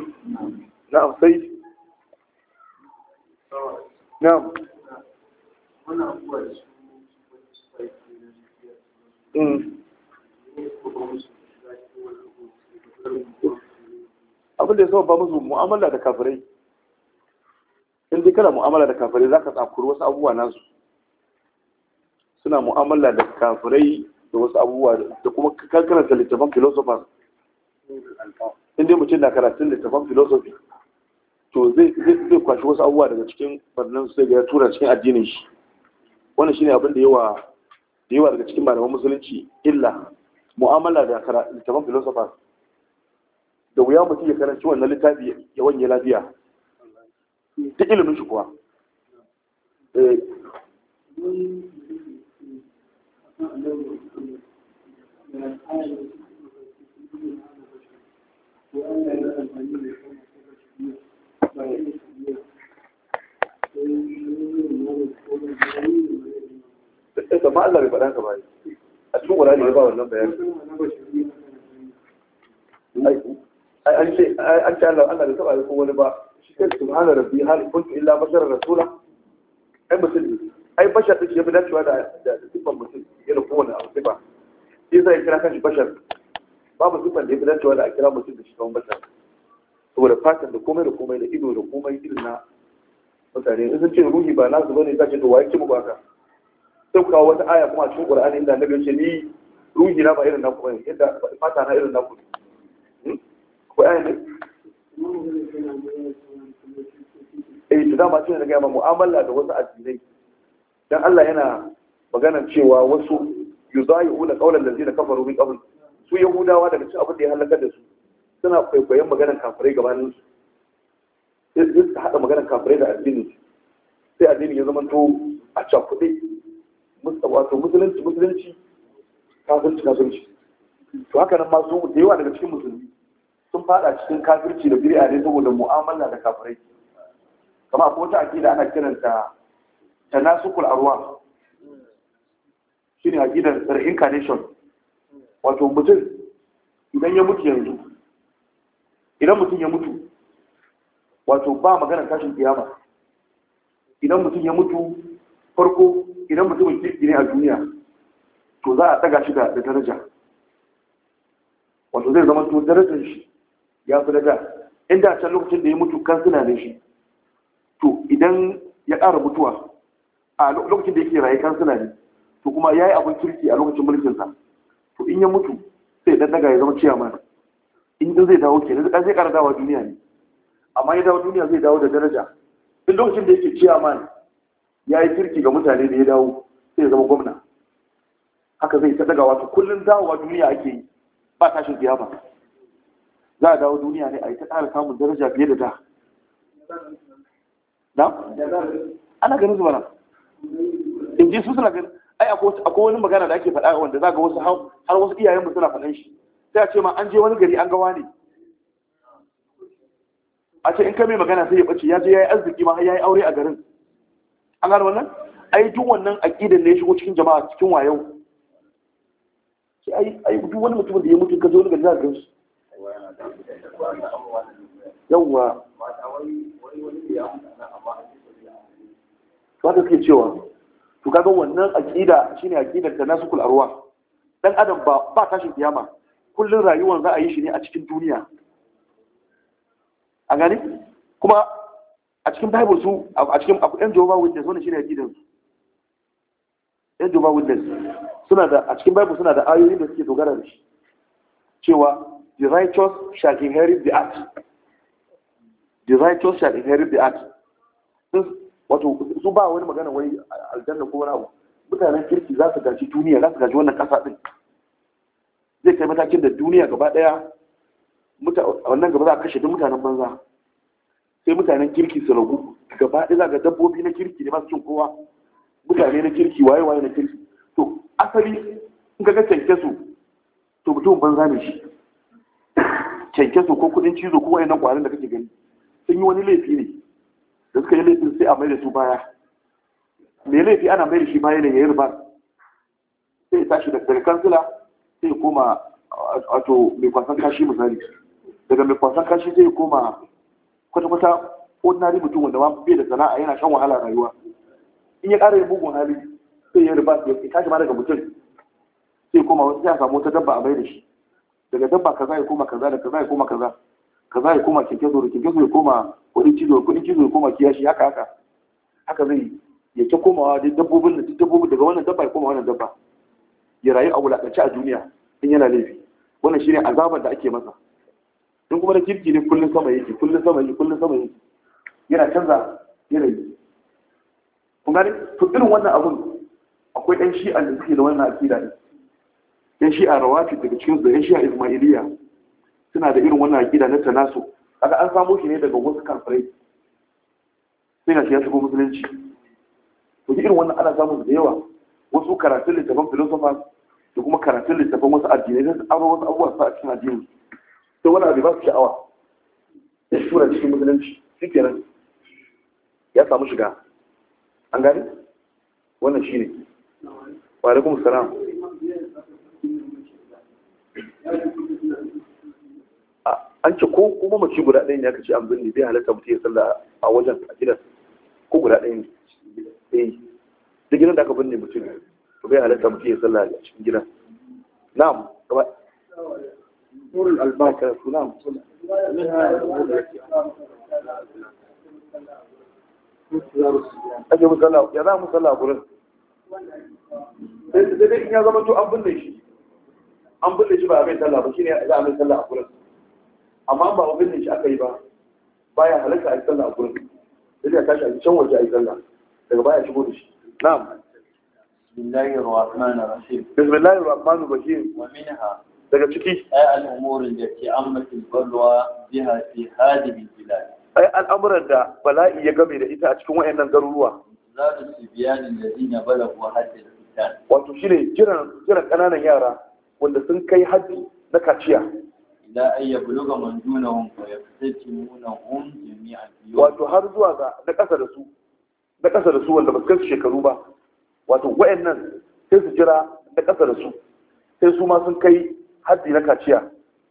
na'am sai na'am abinda ya saba musu mu'amala da kafirai in dai kana mu'amala da kafirai za ka tsakuri wasu abubuwa nasu suna mu'amala da kafirai da wasu abubuwa da kuma kankanar da littafan philosophers in dai mutum na karatun littafan philosophy to zai kwashi wasu abubuwa daga cikin barnan su ya tura cikin addinin shi wannan shine abin da yawa da yawa daga cikin malaman musulunci illa mu'amala da littafin philosophers da wuya mutum ya karanci wannan littafi ya wanye lafiya duk ilimin shi kuwa eh. wannan bayani an ce Allah Allah wani ba shi ai ai bashar dacewa da shi kira bashar babu sifan da fi dacewa da a kira mutum da shi kawai saboda fatan da komai da komai da ido da komai irin na mutane in sun ce ruhi ba nasu bane zai ce to waye ce mu baka sai kawo wata aya kuma a cikin Qur'ani inda annabi ya ce ni ruhi na ba irin naku bane yadda fata na irin na ne hmm? ko ai ne eh to dama ce daga ma mu'amala da wasu addinai dan Allah yana maganar cewa wasu yuzayi'una qawlan allazina kafaru min qabl su yahudawa daga cikin abin da ya halaka da su suna kwaikwayon maganar kafirai gabanin su sai su haɗa maganar kafirai da addinin su, sai addini ya zama to a cakuɗe wato musulunci musulunci kafirci kafirci to haka nan masu da yawa daga cikin musulmi sun fada cikin kafirci da bid'a ne saboda mu'amala da kafirai kama ko wata aqida ana kiranta tanasukul arwa shine aqidar reincarnation wato mutum idan ya mutu yanzu idan mutum ya mutu wato ba magana tashin kiyama idan mutum ya mutu farko idan mutum ya ne a duniya to za a daga shi da daraja wato zai zama to darajar shi ya fi daga inda can lokacin da ya mutu kan suna da shi to idan ya ƙara mutuwa a lokacin da yake raye kan suna ne to kuma ya yi abin kirki a lokacin mulkinsa to in ya mutu sai dan daga ya zama ciyaman in zai dawo kenan zai ƙara dawa duniya ne amma ya dawo duniya zai dawo da daraja in lokacin da yake ciyaman ya yi kirki ga mutane da ya dawo sai ya zama gwamna haka zai ta daga wata kullum dawowa duniya ake yi ba tashin ba za a dawo duniya ne a yi ta ƙara samun daraja fiye da da na? ana ganin zuwa nan in ji su suna ganin ai akwai wani magana da ake faɗa wanda za ga wasu har wasu iyayen mu suna faɗan shi sai a ce ma an je wani gari an gawa ne a ce in ka mai magana sai ya ɓace ya je ya yi arziki ma ya yi aure a garin an gano wannan ai duk wannan aƙidan ne ya shigo cikin jama'a cikin wayo ai ai duk wani mutumin da ya mutu ka zo wani gari za ka gansu yawwa wata suke cewa to kaga wannan aqida shine aqidar ta nasukul arwa dan adam ba ba tashin kiyama kullun rayuwar za a yi shi ne a cikin duniya a gani kuma a cikin bible su a cikin yan jehovah witness wannan shine aqidan su yan jehovah witness suna da a cikin bible suna da ayoyin da suke dogara da shi cewa the righteous shall inherit the earth the righteous shall inherit the earth wato su ba wani magana wai aljanna ko rawo mutanen kirki za su gaji duniya za su gaji wannan kasa din zai kai matakin da duniya gaba daya wannan gaba za a kashe duk mutanen banza sai mutanen kirki su ragu gaba daya za ga dabbobi na kirki ne masu cin kowa mutane na kirki waye waye na kirki to asali in ka ga kyankyaso to mutum ban zane shi kyankyaso ko kudin cizo ko wayannan kwarin da kake gani sun yi wani laifi ne da suka yi laifin sai a mai da su baya mai laifi ana mai da shi baya ne ya yi rubar. sai ya tashi daga kansila sai ya koma wato mai kwasan kashi misali daga mai kwasan kashi sai ya koma kwata-kwata ordinary mutum wanda ma bai da sana'a yana shan wahala rayuwa in ya ƙara yin bugun hali sai ya riba ya tashi ma daga mutum sai koma wasu ya samu wata dabba a bai da shi daga dabba kaza ya koma kaza da kaza ya koma kaza kaza ya koma kinkezo da kinkezo ya koma kudin cizo kudin cizo ya koma kiyashi haka haka haka zai ya ta komawa duk dabbobin da duk dabbobin daga wannan dabba ya koma wannan dabba ya rayu a wulaƙance a duniya in yana laifi wannan shine azabar da ake masa in kuma na kirki ne kullum sama yake kullum sama yake kullum sama yake yana canza yanayi kun gani to irin wannan abun akwai ɗan shi'a da suke da wannan aƙida ne ɗan shi'a rawati daga cikin da ɗan shi'a ismailiya suna da irin wannan aƙida na tanaso kaga an samo shi ne daga wasu kafirai sai ga shi ya shigo musulunci to irin wannan ana samun da yawa wasu karatun littafan philosophers da kuma karatun littafan wasu addinai da aro wasu abubuwa su a cikin addini sai wani abu ba su sha'awa ya shura cikin musulunci shi kenan ya samu shiga an gani wannan shi ne وعليكم السلام an ce ko kuma mace guda ɗaya ne aka ce an binne bai halatta mutum ya sallah a wajen a gidan ko guda ɗaya ne eh da gidan da aka binne mutum to bai halatta mutum ya sallah a cikin gidan na'am gaba nurul albaka na'am ake musalla ya za mu sallah gurin sai dai in ya zama to an binne shi an binne shi ba a mai sallah ba shine za a mai sallah a gurin amma ba a binne shi aka yi ba baya halatta a yi sallah a gurin sai ya tashi a can waje a yi sallah daga baya shigo da shi na'am بسم الله الرحمن الرحيم بسم الله الرحمن الرحيم ومنها daga ciki ay al'umurin da ke ammatin balwa biha fi hadhihi bilad ay al'amuran da bala'i ya game da ita a cikin wayannan garuruwa zadu sibiyanin ladina balagu haddin fitan wato shine ne jiran kananan yara wanda sun kai haddi na kaciya ila an yabluga man dunahum fa yaftatinunahum jami'an wato har zuwa ga na kasa da su na kasa da su wanda ba su kai shekaru ba wato wayannan sai su jira na kasa da su sai su ma sun kai haddi na kaciya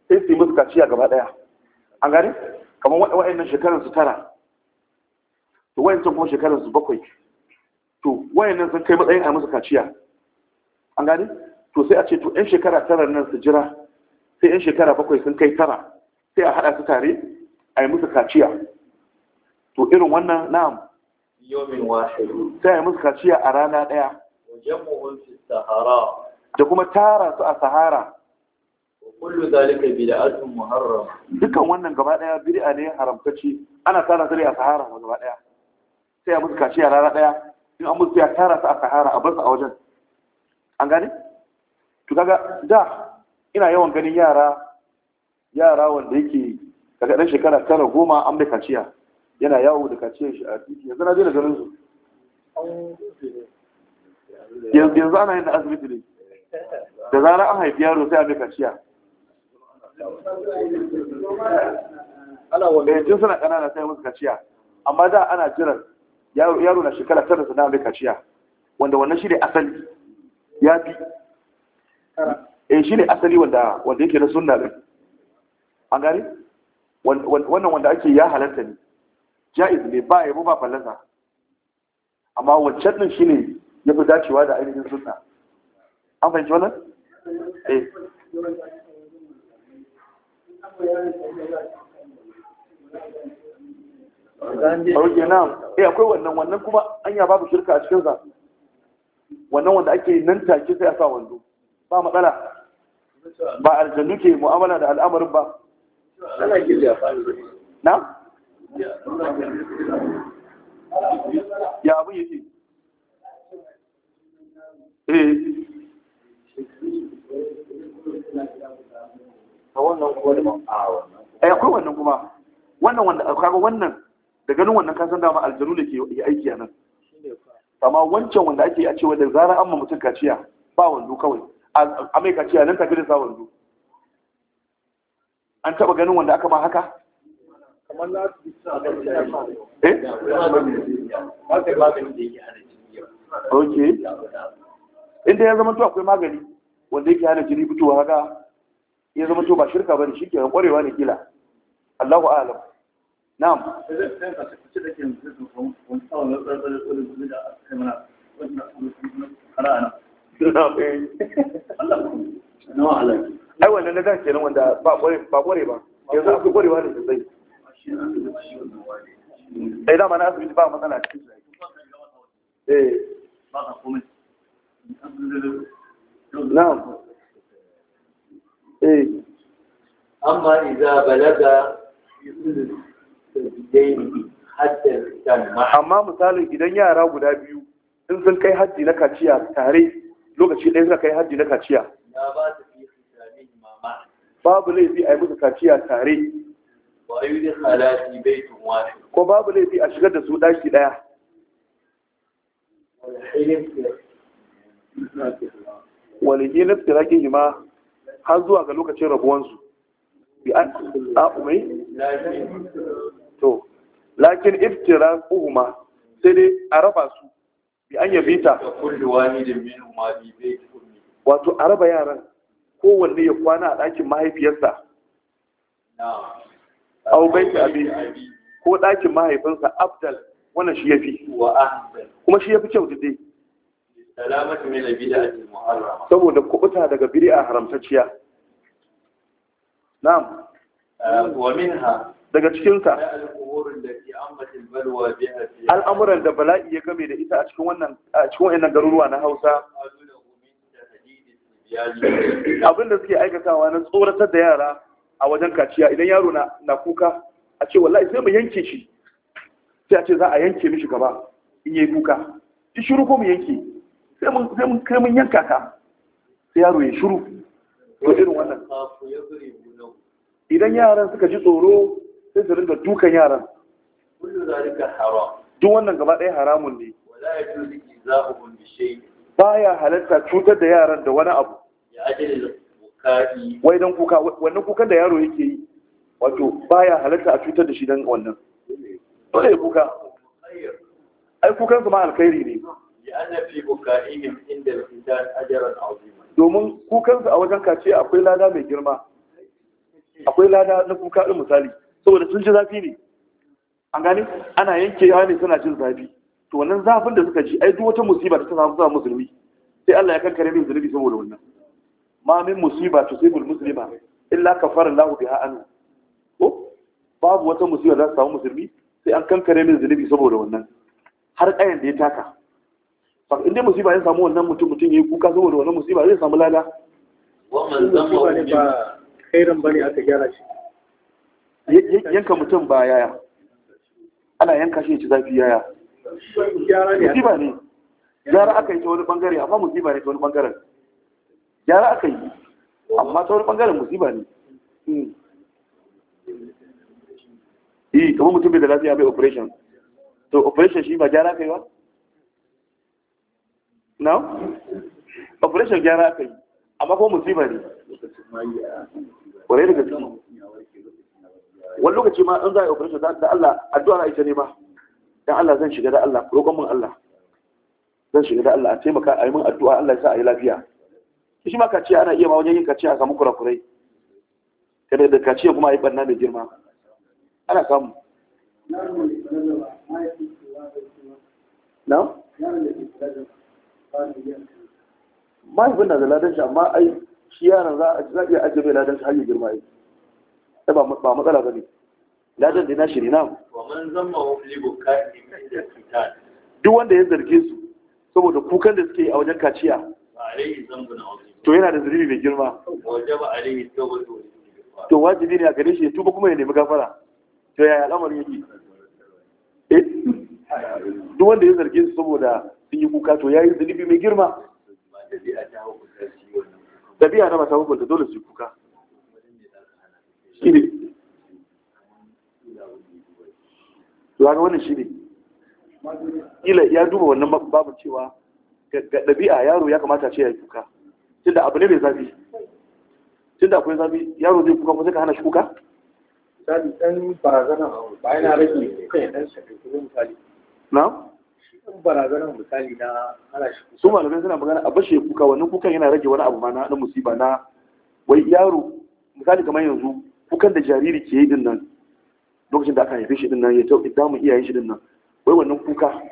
sai su yi musu kaciya gaba daya an gane kamar wayannan shekaran su tara to wayancan kuma shekaran su bakwai to wayannan sun kai matsayin a musu kaciya an gani? to sai a ce to yan shekara tara nan su jira sai yan shekara bakwai sun kai tara sai a haɗa su tare a yi musu kaciya to irin wannan na'am yomin wahidu sai a yi musu kaciya a rana ɗaya da kuma tara su a sahara kullu zalika bid'atun muharram Dukkan wannan gaba daya bid'a ne haramtacci ana tara su ne a sahara ma gaba daya sai a musu kaciya rana daya in an musu ya tara su a sahara a barsa a wajen an gane to kaga da ina yawan ganin yara yara wanda yake kaga ɗan shekara tara goma an bai kaciya yana yawo da kaciyar shi a titi yanzu na daina ganin su yanzu ana yin da asibiti ne da zara an haifi yaro sai a bai kaciya eh tun suna ƙanana sai musu kaciya amma da ana jiran yaro na shekara tara da na kaciya wanda wannan shi ne asali ya fi eh shi ne asali wanda wanda yake na sunna din an gani? wannan wanda ake ya halarta ne ja'iz ne ba yabo ba fallasa amma wancan din shine ya fi dacewa da ainihin sunna an fahimci wannan eh Thank you. Oke na, e eh, akwai wannan wannan kuma anya babu shirka a cikinsa. Wannan wanda ake nan take sai a sa wando. Ba matsala. Ba aljannu ke mu'amala da al'amarin ba. Na? Ya abu yake. Eh. A wannan kuma eh, akwai wannan kuma. Wannan wanda kaga wannan da ganin wannan ka san dama aljanu ne ke yi aiki a nan amma wancan wanda ake yi a cewa da zarar an ma mutum kaciya ba wando kawai a mai kaciya nan tafi da sa wando an taba ganin wanda aka ma haka kamar na eh Ok. inda ya zama to akwai magani wanda yake hana jini fitowa haka ya zama to ba shirka bane shikenan kwarewa ne kila Allahu a'lam na'am ai wannan na dan kenan wanda ba kware ba kware ba yanzu akwai kware ba ne dama na asibiti ba matsala eh ba ka komai na'am eh amma idza balaga amma misalin idan yara guda biyu in sun kai hajji na kaciya tare lokaci ɗaya suna kai hajji na kaciya babu laifi a yi musu kaciya tare ko babu laifi a shigar da su ɗaki ɗaya Wani nufi rakin yi ma har zuwa ga lokacin rabuwansu bi an umai lakin iftira uhuma sai dai a raba su bi an yabi ta wato a raba yaran kowanne ya kwana a ɗakin mahaifiyarsa au baiti abi ko ɗakin mahaifinsa abdal wannan shi ya fi? kuma shi ya fi kyau dai saboda kubuta daga biri a haramtacciya na'am wa ha daga cikinta, al'amuran da bala'i ya game da ita a cikin wannan a cikin wannan garuruwa na Hausa abin da suke aikatawa na tsoratar da yara a wajen kaciya idan yaro na na kuka a ce wallahi sai mu yanke shi sai a ce za a yanke mishi gaba in yayi kuka shi shiru ko mu yanke sai mun sai mun kai mun yanka ka sai yaro ya shiru to irin wannan idan yaran suka ji tsoro sai su ringa dukan yaran duk wannan gaba ɗaya haramun ne Ba ya halatta cutar da yaran da wani abu wai don kuka wannan kukan da yaro yake yi wato ba ya halatta a cutar da shi don wannan dole ya kuka ai kukan su ma alkhairi ne domin kukansu a wajen kace akwai lada mai girma akwai lada na kuka ɗin misali saboda sun ci zafi ne an gane ana yanke yawa ne suna jin zafi to wannan zafin da suka ji ai duk wata musiba ta samu zuwa musulmi sai Allah ya kankare min zunubi saboda wannan ma min musiba sai musulma illa kafara Allah biha anu ko babu wata musiba da samu musulmi sai an kankare min zunubi saboda wannan har kayan da ya taka fa inda musiba ya samu wannan mutum mutum yayi kuka saboda wannan musiba zai samu lada wa man zama ba khairan bane aka gyara shi yanka mutum ba yaya ana yanka shi ci zafi yaya musiba ne gyara aka yi ta wani bangare amma musiba ne ta wani bangaren gyara aka yi amma ta wani bangaren musiba ne yi hmm. eh, kamar mutum bai da lafiya bai operation to operation shi ba gyara aka yi ba Na? operation gyara aka yi amma kuma musiba ne ƙwarai daga cikin wani lokaci ma an za a yi operation da Allah addu'a ita ne ma dan Allah zan shiga da Allah roƙon mun Allah zan shiga da Allah a taimaka a yi min addu'a Allah ya sa a yi lafiya shi ma kaciya ana iya ma wajen yin kaciya a samu kurakurai kada da kaciya kuma a yi barna mai girma ana samu na? mahaifin na da ladan shi amma ai shi yaran za a iya ajiye mai ladan shi har yi girma yi sai ba matsala ba ne ladan dina shiri na duk wanda ya zarge su saboda kukan da suke a wajen kaciya to yana da zunubi mai girma to wajibi ne a gare shi ya tuba kuma ya nemi gafara to yaya al'amarin yake eh? duk wanda ya zarge su saboda sun yi kuka to ya yi zunubi mai girma ɗabi'a na mata hukunta dole su yi kuka shi ne zuwa wannan shi ne ila ya duba wannan babu cewa ga ɗabi'a yaro ya kamata ce ya yi kuka tunda abu ne mai zafi tunda akwai zafi yaro zai kuka kuma ka hana shi kuka misali dan barazana bayan na rage kai ya dan misali na dan barazana misali na hana shi kuka su malamai suna magana a bashe kuka wannan kukan yana rage wani abu ma na musiba na wai yaro misali kamar yanzu kukan da jariri ke yi dinnan, lokacin da aka haife shi dinnan ya tau damun iyayen shi dinnan nan wai wannan kuka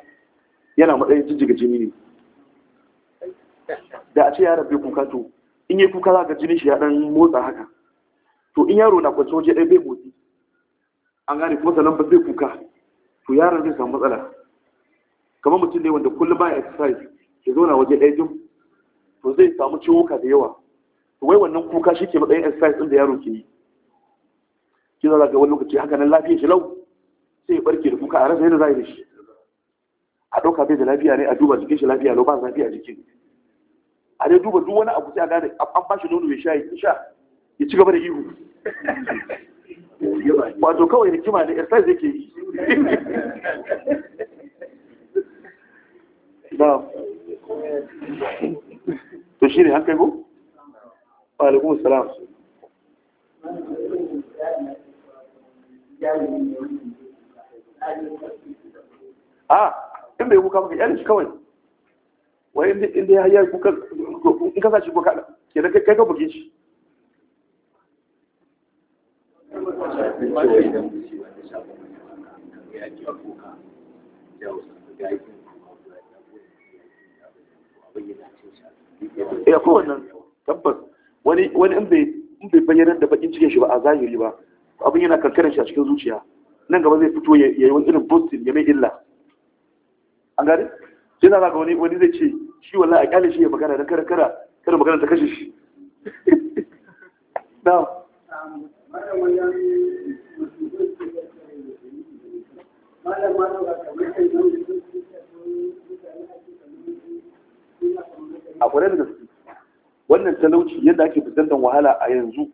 yana matsayin jijjiga jini ne da a ce yaron bai kuka to in yi kuka za ga jinin shi ya dan motsa haka to in yaro na kwanci waje ɗaya bai motsi an gane kuma sannan ba zai kuka to yaron zai samu matsala kamar mutum ne wanda kullum ya exercise ya zauna waje ɗaya jim to zai samu ciwuka da yawa to wai wannan kuka shi ke matsayin exercise ɗin da yaro ke yi shi za ga wani lokaci haka nan lafiya shi lau sai ya barke da kuka a rasa yana za a yi da shi a ɗauka bai da lafiya ne a duba jikin shi lafiya lau ba zafi a jikin a dai duba duk wani abu sai a gane an ba shi nono mai sha ya sha ya ci gaba da ihu wato kawai hikima ne exercise yake yi to shi ne an kai ko? wa alaikum salam a in bai kuka maka yalin shi kawai wai in dai ya kuka in kasa shi kuka ke da kai ka buge shi ya eh, kowannan tabbas wani in bai bayyana da bakin cikin shi ba a zahiri ba abin yana karkarar shi a cikin zuciya nan gaba zai fito ya yi wani irin boosting ya mai illa an gani sai na zaga wani wani zai ce shi wallahi a kyale shi ya magana da karkara kada magana ta kashe shi a kwanar da wannan talauci yadda ake da wahala a yanzu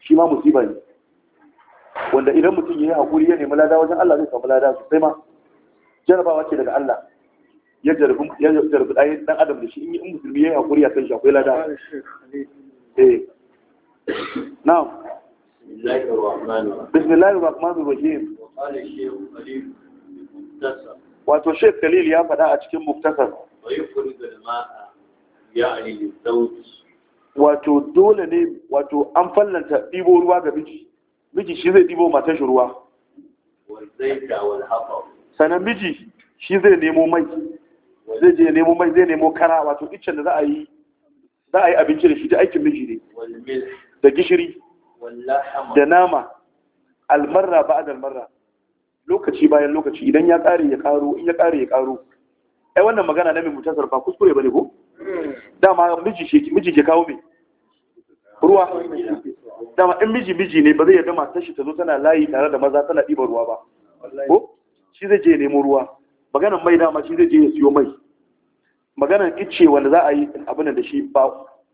shi ma musiba ne wanda idan mutum ya yi haƙuri ya nemi lada wajen Allah zai samu lada sosai ma jarabawa ce daga Allah ya jarabu ɗaya ɗan adam da shi in yi musulmi ya yi haƙuri a kan shi akwai lada eh na'am bismillahir rahmanir rahim wato shek khalil ya faɗa a cikin muktasar wato dole ne wato an fallanta ɗibo ruwa ga biki miji shi zai ɗibo mata shi ruwa sannan miji shi zai nemo mai zai je nemo mai zai nemo kara wato iccen da za a yi za a yi abinci da shi da aikin miji ne da gishiri da nama almarra ba da almarra lokaci bayan lokaci idan ya ƙare ya ƙaro in ya ƙare ya ƙaro ai wannan magana na mai mutasar ba kuskure ba ne ko hmm. dama miji ke kawo mai ruwa dama in miji miji ne ba zai yarda matar shi ta zo tana layi tare da maza tana ɗiba ruwa ba ko shi zai je nemo ruwa maganan mai dama shi zai je ya siyo mai maganan icce wanda za a yi abin da shi ba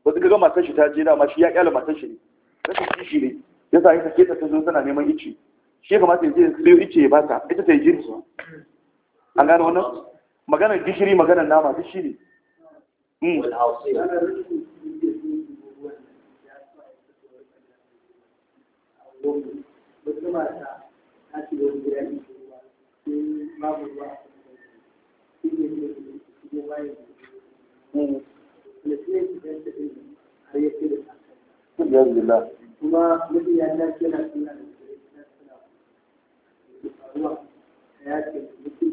ba su ga matar shi ta je dama shi ya kyala matar shi ne rashin kishi ne ya sa ita keta ta zo tana neman icce. shi ya kamata ya je siyo icce ya bata ita ta yi girki an gane wannan maganan gishiri maganan nama duk shi ne hmm. mata ta ce wani gida ne babu ruwa a kan shi ne ne shi ne bayan hmm. da ne shi ne shi ne har ya ce da kuma ya ce na suna da na suna da faruwa ya ce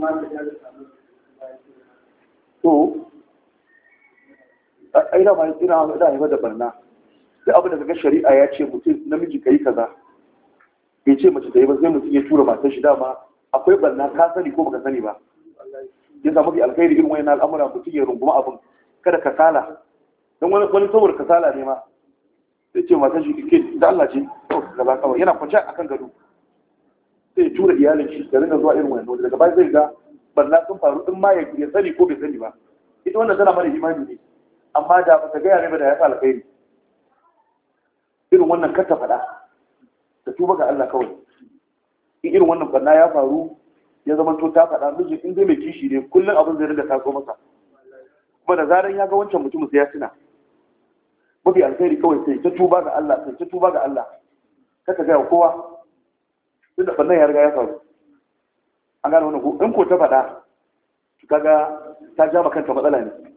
ya ce ai da ina da haifar da barna sai abin da kaga shari'a ya ce mutum namiji kai kaza bai ce mace ta yi ba sai mutum ya tura matar shi dama akwai barna ka sani ko baka sani ba ya samu bi alkhairi irin wani al'amura mutum ya runguma abin kada ka sala don wani wani saboda ka ne ma sai ce matar shi ke da Allah ce gaba oh, kawai yana kwanciya akan gado sai ya tura iyalin shi da ringa zuwa irin wani wanda daga baya zai ga barna sun faru in ma ya sani ko bai sani ba ita wannan tana mara imani ne amma da ba ta gaya ne ba da ya fi alkhairi irin wannan kar ta faɗa ta tuba ga Allah kawai in irin wannan banna ya faru ya zama to ta faɗa miji in zai mai kishi ne kullum abin zai ringa taso masa kuma da zaran ya ga wancan mutum sai ya tuna mafi alkhairi kawai sai ta tuba ga Allah sai ta tuba ga Allah kar ta gaya kowa da banna ya riga ya faru an gane wannan ko in ko ta faɗa kaga ta ja kanta matsala ne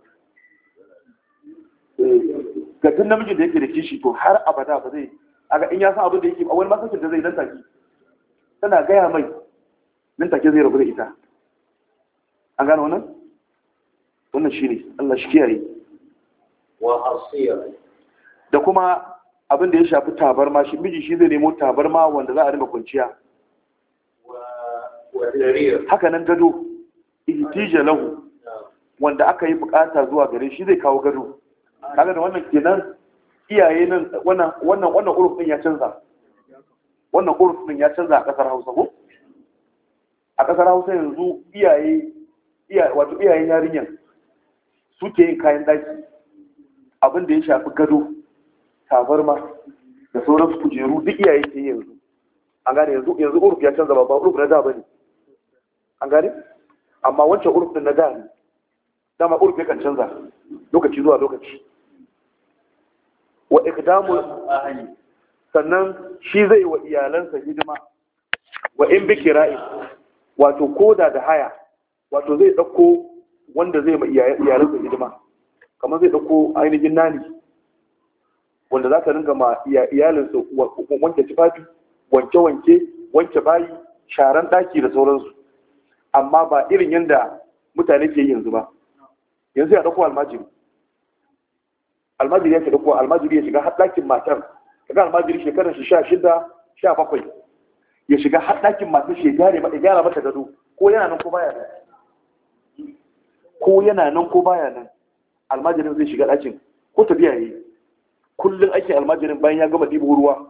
ga tun namijin da yake da kishi to har abada ba zai aga in ya san abin da yake a wani masakin da zai nan take tana gaya mai nan take zai rabu da ita an gano wannan wannan ne, Allah shi kiyaye wa asira da kuma abin da ya shafi tabarma shi miji shi zai nemo tabarma wanda za a rima kwanciya haka nan gado ihtija lahu wanda aka yi bukata zuwa gare shi zai kawo gado kaga da wannan kenan iyaye nan wannan wannan wannan din ya canza wannan din ya canza a kasar Hausa ko a kasar Hausa yanzu iyaye wato iyayen yarinyar suke yin kayan daki abin da ya shafi gado tabarma da sauran su kujeru duk iyaye ke yanzu an gane yanzu yanzu uruf ya canza ba uruf na da bane an gane amma wancan uruf din na da ne dama uruf ya kan canza lokaci zuwa lokaci wa iqdamu ahli sannan shi zai wa iyalansa hidima wa in bikira'i wato koda da haya wato zai dauko wanda zai ma iyalansa hidima kamar zai dauko ainihin nani wanda za ta ringa ma iyalinsa wanke tufafi wanke-wanke wanke bayi sharan daki da sauransu amma ba irin yanda mutane ke yanzu ba yanzu ya dauko almajiri almajiri ya shiga kuwa almajiri ya shiga haɗakin matar kaga almajiri shekarar shi sha shida sha bakwai ya shiga haɗakin matar shi ya gyara mata gado ko yana nan ko baya nan ko yana nan ko baya nan almajirin zai shiga ɗakin ko biya yi kullum aikin almajirin bayan ya gama ɗibo ruwa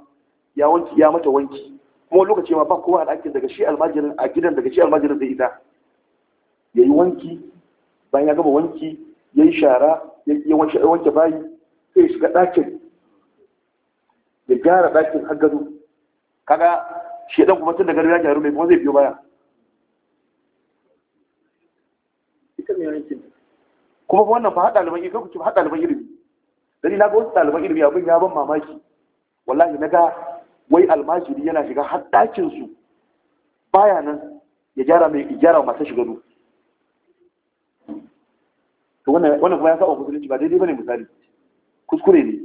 ya wanki ya mata wanki kuma lokaci ma ba kowa a ɗakin daga shi almajirin a gidan daga shi almajirin zai ita ya yi wanki bayan ya gama wanki ya yi shara ya wanke bayi sai shiga ɗakin ya gyara ɗakin har gado kaga shi ɗan kuma tun da gado ya gyaru mai kuma zai biyo baya kuma wannan fa haɗa liman ilimi kuma haɗa liman ilimi dani na ga wasu ɗaliban ilimi abin ya ban mamaki wallahi na ga wai almajiri yana shiga har ɗakin su baya nan ya gyara mai gyara mata shiga gado wannan kuma ya saba musulunci ba daidai bane misali kuskure ne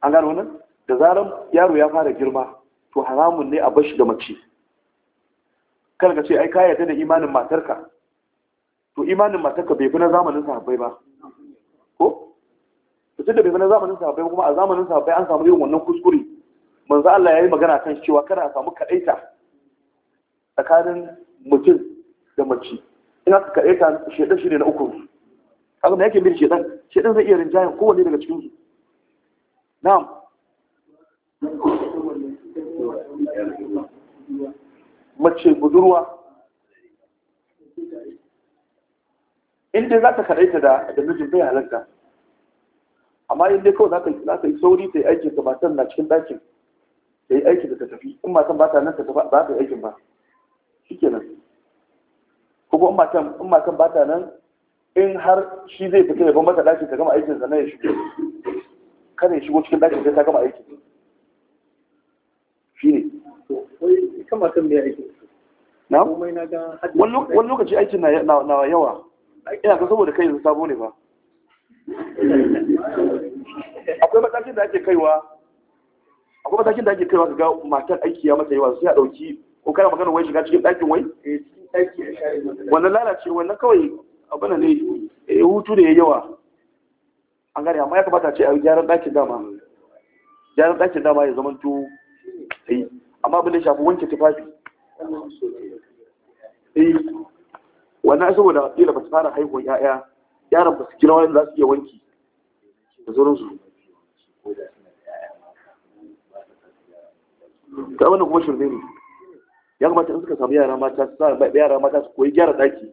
an gano wannan da zarar yaro ya fara girma to haramun ne a bar shi da mace kar ka ce ai kaya ta da imanin matarka to imanin matarka bai fi na zamanin sahabbai ba ko to tunda bai fi na zamanin sahabbai kuma a zamanin sahabbai an samu irin wannan kuskure manzo Allah yayi magana kan cewa kada a samu kadaita tsakanin mutum da mace in ka kadaita da shi ne na uku haka me yake bin dan ɗin zai iya rinjayen kowanne daga cikinsu na'am mace budurwa inda za ta kaɗaita da da mijin bai halarta amma inda kawai za ka yi sauri ta yi aiki ka matan na cikin ɗakin ta yi aiki da ta tafi in matan ba ta nan ta ba ta yi aikin ba kenan kuma in matan ba ta nan in har shi zai fita ya bambata dakin ta gama aikin na ya shigo kada ya shigo cikin dakin sai ta gama aikin shi ne na wani lokaci aikin na yawa ina ka saboda kai yanzu sabo ne ba akwai matakin da ake kaiwa akwai matakin da ake kaiwa ga matar aiki ya mata yawa sai a dauki ko kana magana wai shiga cikin dakin wai eh, wannan lalace wannan kawai abin ne eh, hutu da ya yawa an gari amma ya kamata ce a gyaran ɗakin dama gyaran ɗakin dama ya zamanto eh amma abin da shafi wanke tufafi eh wannan saboda kila ba su fara haihuwar ya'ya yaran ba su kila wani za su iya wanki da su. ta wannan kuma shirme ne ya kamata in suka samu yara mata su koyi gyara daki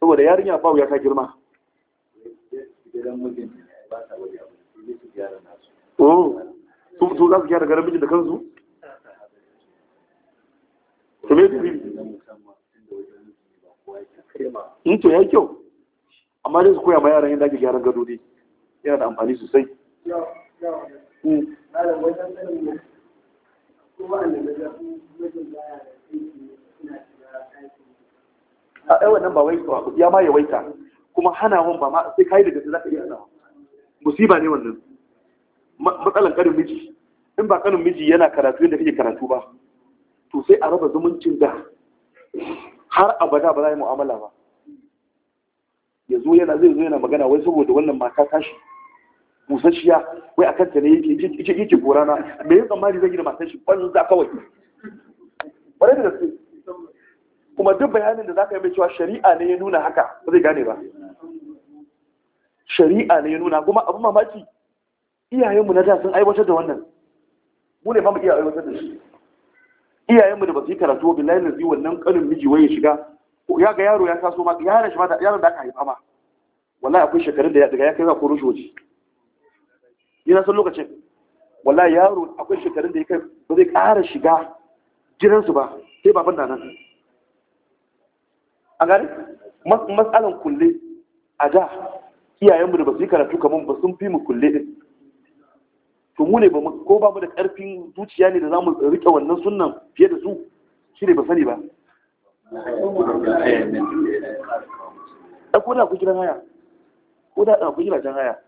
saboda yarinya ba wuya ta girma oh su za su gyara garin da kansu in to ya hmm, kyau amma dai su koya ma yaran yadda ake gyaran gado ne yana da amfani sosai hmm. a ɗaya nan ba wai ya ma yawaita kuma hanawan ba ma sai kayi daga za ka iya hanawa musiba ne wannan matsalan ƙarin miji in ba ƙarin miji yana karatu yadda kake karatu ba to sai a raba zumuncin da har abada ba za yi mu'amala ba ya zo yana zai zo yana magana wai saboda wannan mata tashi busasshiya wai a kanta ne yake yake gorana me ya tsammani zai gina da matan shi za kawai ƙwarai da gaske kuma duk bayanin da za ka yi mai cewa shari'a ne ya nuna haka ba zai gane ba shari'a ne ya nuna kuma abu mamaki iyayenmu na da sun aiwatar da wannan mu ne ba mu iya aiwatar da shi iyayenmu da ba su yi karatu bi layin nazi wannan kanin miji waye shiga ya ga yaro ya taso ma yaron shi ma yaron da aka haifa ma wallahi akwai shekarun da daga ya kai za ko rushe waje yana san lokacin wallahi yaro akwai shekarun da ya kai ba zai ƙara shiga jiransu ba sai baban da nan a gani matsalan kulle a da iyayenmu da ba su yi karatu kamar ba sun fi mu kulle din to mu ne ko ba mu da karfin zuciya ne da za mu rike wannan sunan fiye da su shi ne ba sani ba a ko da ku gidan haya ko da gidajen haya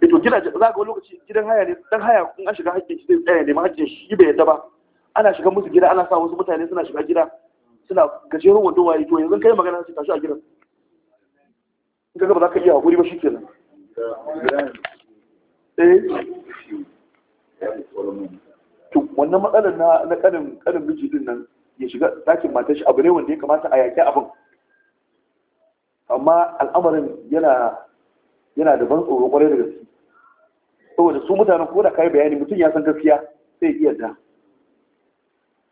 ito eh gidajen za ga lokaci gidan haya ne dan haya kun an shiga hakkin shi zai tsaye ne ma hakkin shi bai yadda ba ana shiga musu gida ana sa wasu mutane suna shiga gida suna gajerun wando waye to yanzu kai magana su tashi a gidan in ka gaba za ka iya haƙuri ba ke nan eh. to wannan matsalar na na kanin kanin miji din nan ya shiga dakin matar shi abu ne wanda ya kamata a yaƙi abin amma al'amarin yana yana da ban tsoro kwarai da gaske saboda su mutanen ko da kai bayani mutum ya san gaskiya sai iya da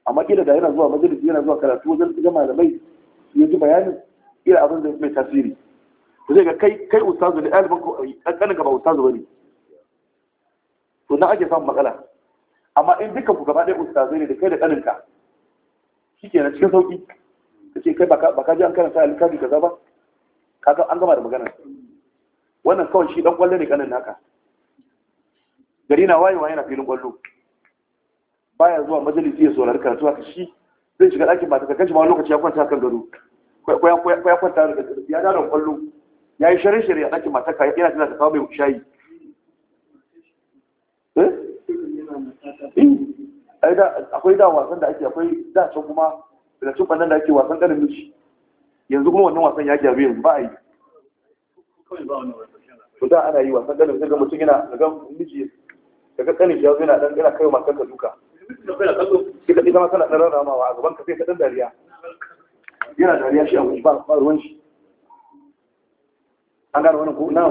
amma kila da yana zuwa majalisi yana zuwa karatu wajen ga malamai ya ji bayanin ila abin da mai tasiri to zai ga kai kai ustazu da ɗalibin ko ɗan ka ba ustazu bane to na ake samun matsala amma in dukkan ku gaba ɗaya ustazu ne da kai da ɗaninka na cikin sauƙi da ke kai ba ka ji an karanta alkafi kaza ba kaga an gama da magana wannan kawai shi ɗan kwallo ne kanin naka gari na wayewa yana filin kwallo baya zuwa majalisi ya saurari karatu haka shi zai shiga ɗakin mata kan shi ma lokaci ya kwanta kan gado ko ya kwanta ya dara kwallo ya yi shirin shirin a ɗakin mataka ya yana tana ta kawo mai shayi eh? Eh, akwai da wasan da ake akwai da can kuma da cin ɓannan da ake wasan ƙarin miji yanzu kuma wannan wasan ya gyaru yanzu ba a yi to da ana yi wasan ƙarin mishi ga mutum yana ga miji daga ƙarin shi ya yana ɗan ƙarin kai wasan ka duka sai ka zama kana ɗan rarramawa a gaban ka sai ka ɗan dariya yana dariya shi a wuce ba ba ruwan shi an gane wani ko na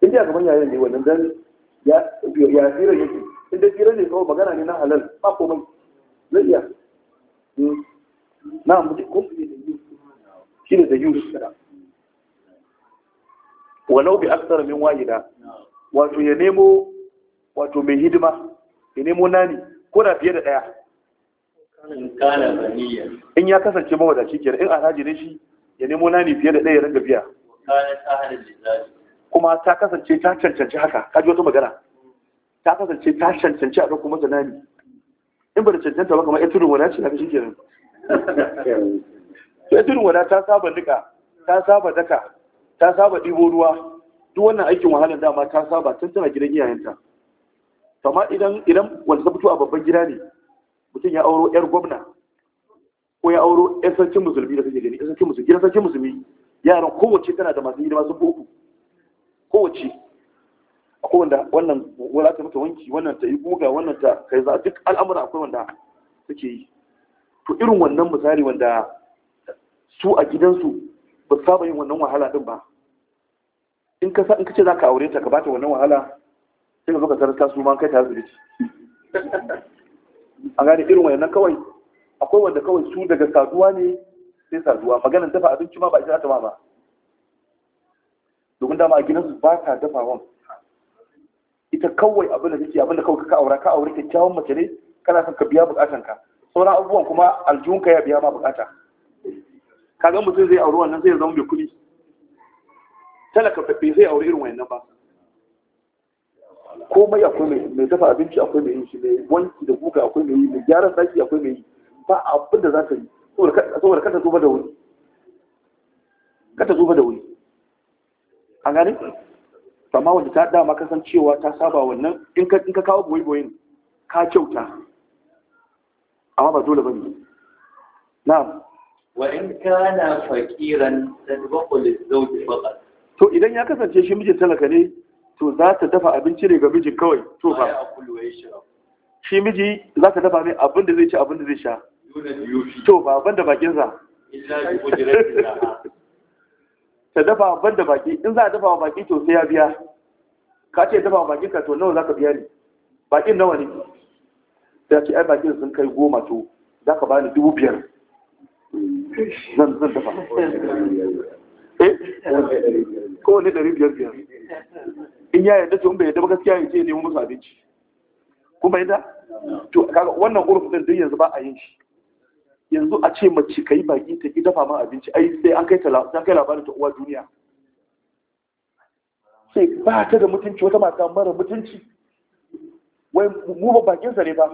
in ji gaban yayin ne wannan dan ya ya tsira yake in tsira ne kawai magana ne na halal ba komai zai iya hmm. na mutum ko shi ne da yusuf walau bi aksar min wahida wato ya nemo wato mai hidima ya nemo nani ko da fiye da daya in ya kasance mawadaci kenan in alhaji ne shi ya nemo nani fiye da daya ringa biya kuma ta kasance ta cancanci haka ka ji wata magana ta kasance ta cancanci a ɗauko masa nani in ba da cancanta ba kamar ya tudun wada ce na shi kenan to ya tudun ta saba nika ta saba daka ta saba ɗibo ruwa duk wannan aikin wahalar dama ta saba tun tana gidan iyayenta amma idan idan wanda ta fito a babban gida ne mutum ya auro yar gwamna ko ya auro yar sarkin musulmi da suke gani yar sarkin musulmi gidan sarkin musulmi yaran kowace tana da masu hidima sun fi kowace akwai wanda wannan wala ta mata wanki wannan ta yi guga wannan ta kai za duk al'amura akwai wanda suke yi to irin wannan misali wanda su a gidansu ba su saba yin wannan wahala din ba in ka sa in ka ce za ka aure ta ka bata wannan wahala sai ka zo ka tarata su ma kai ta asibiti a gane irin wayannan kawai akwai wanda kawai su daga saduwa ne sai saduwa maganar dafa abinci ma ba ita ta ma ba domin dama a gidansu ba ta dafawan ita kawai abin da take abin da kawai ka aura ka aure kyakkyawan mace ne kana son ka biya bukatan ka sauran abubuwan kuma aljihunka ya biya ma bukata kaga mutum zai auri wannan zai zama mai kuɗi talaka bai zai auri irin wannan ba komai akwai mai dafa abinci akwai mai yin shi mai wanki da guga akwai mai yi mai gyaran daki akwai mai yi ba abin da za ka yi saboda kata zuba da wuri kata zuba da wuri an gane amma wanda ta dama kasancewa, ta saba wannan in ka kawo boye boye ka kyauta amma ba dole ba ne na'am وإن كان فقيرا تدبقل الزوج فقط to idan ya kasance shi mijin talaka ne to za ta dafa abinci ne ga mijin kawai to fa shi miji za ta dafa mai abin da zai ci abin da zai sha to ba ban da bakin za ta dafa ban da baki in za a dafa wa baki to sai ya biya ka ce dafa wa baki ka to nawa za ka biya ne bakin nawa ne ta ce ai bakin sun kai goma to za ka bani dubu biyar zan dafa eh kowane ɗari biyar biyar in ya yarda to in bai yarda ba gaskiya ya ce nemo musu abinci Kun yadda to kaga wannan uruf din duk yanzu ba a yin shi yanzu a ce mace kai baki ta ki dafa ma abinci ai sai an kai ta kai labarin ta uwa duniya sai ba ta da mutunci wata mata mara mutunci wai mu ba bakin sa ne ba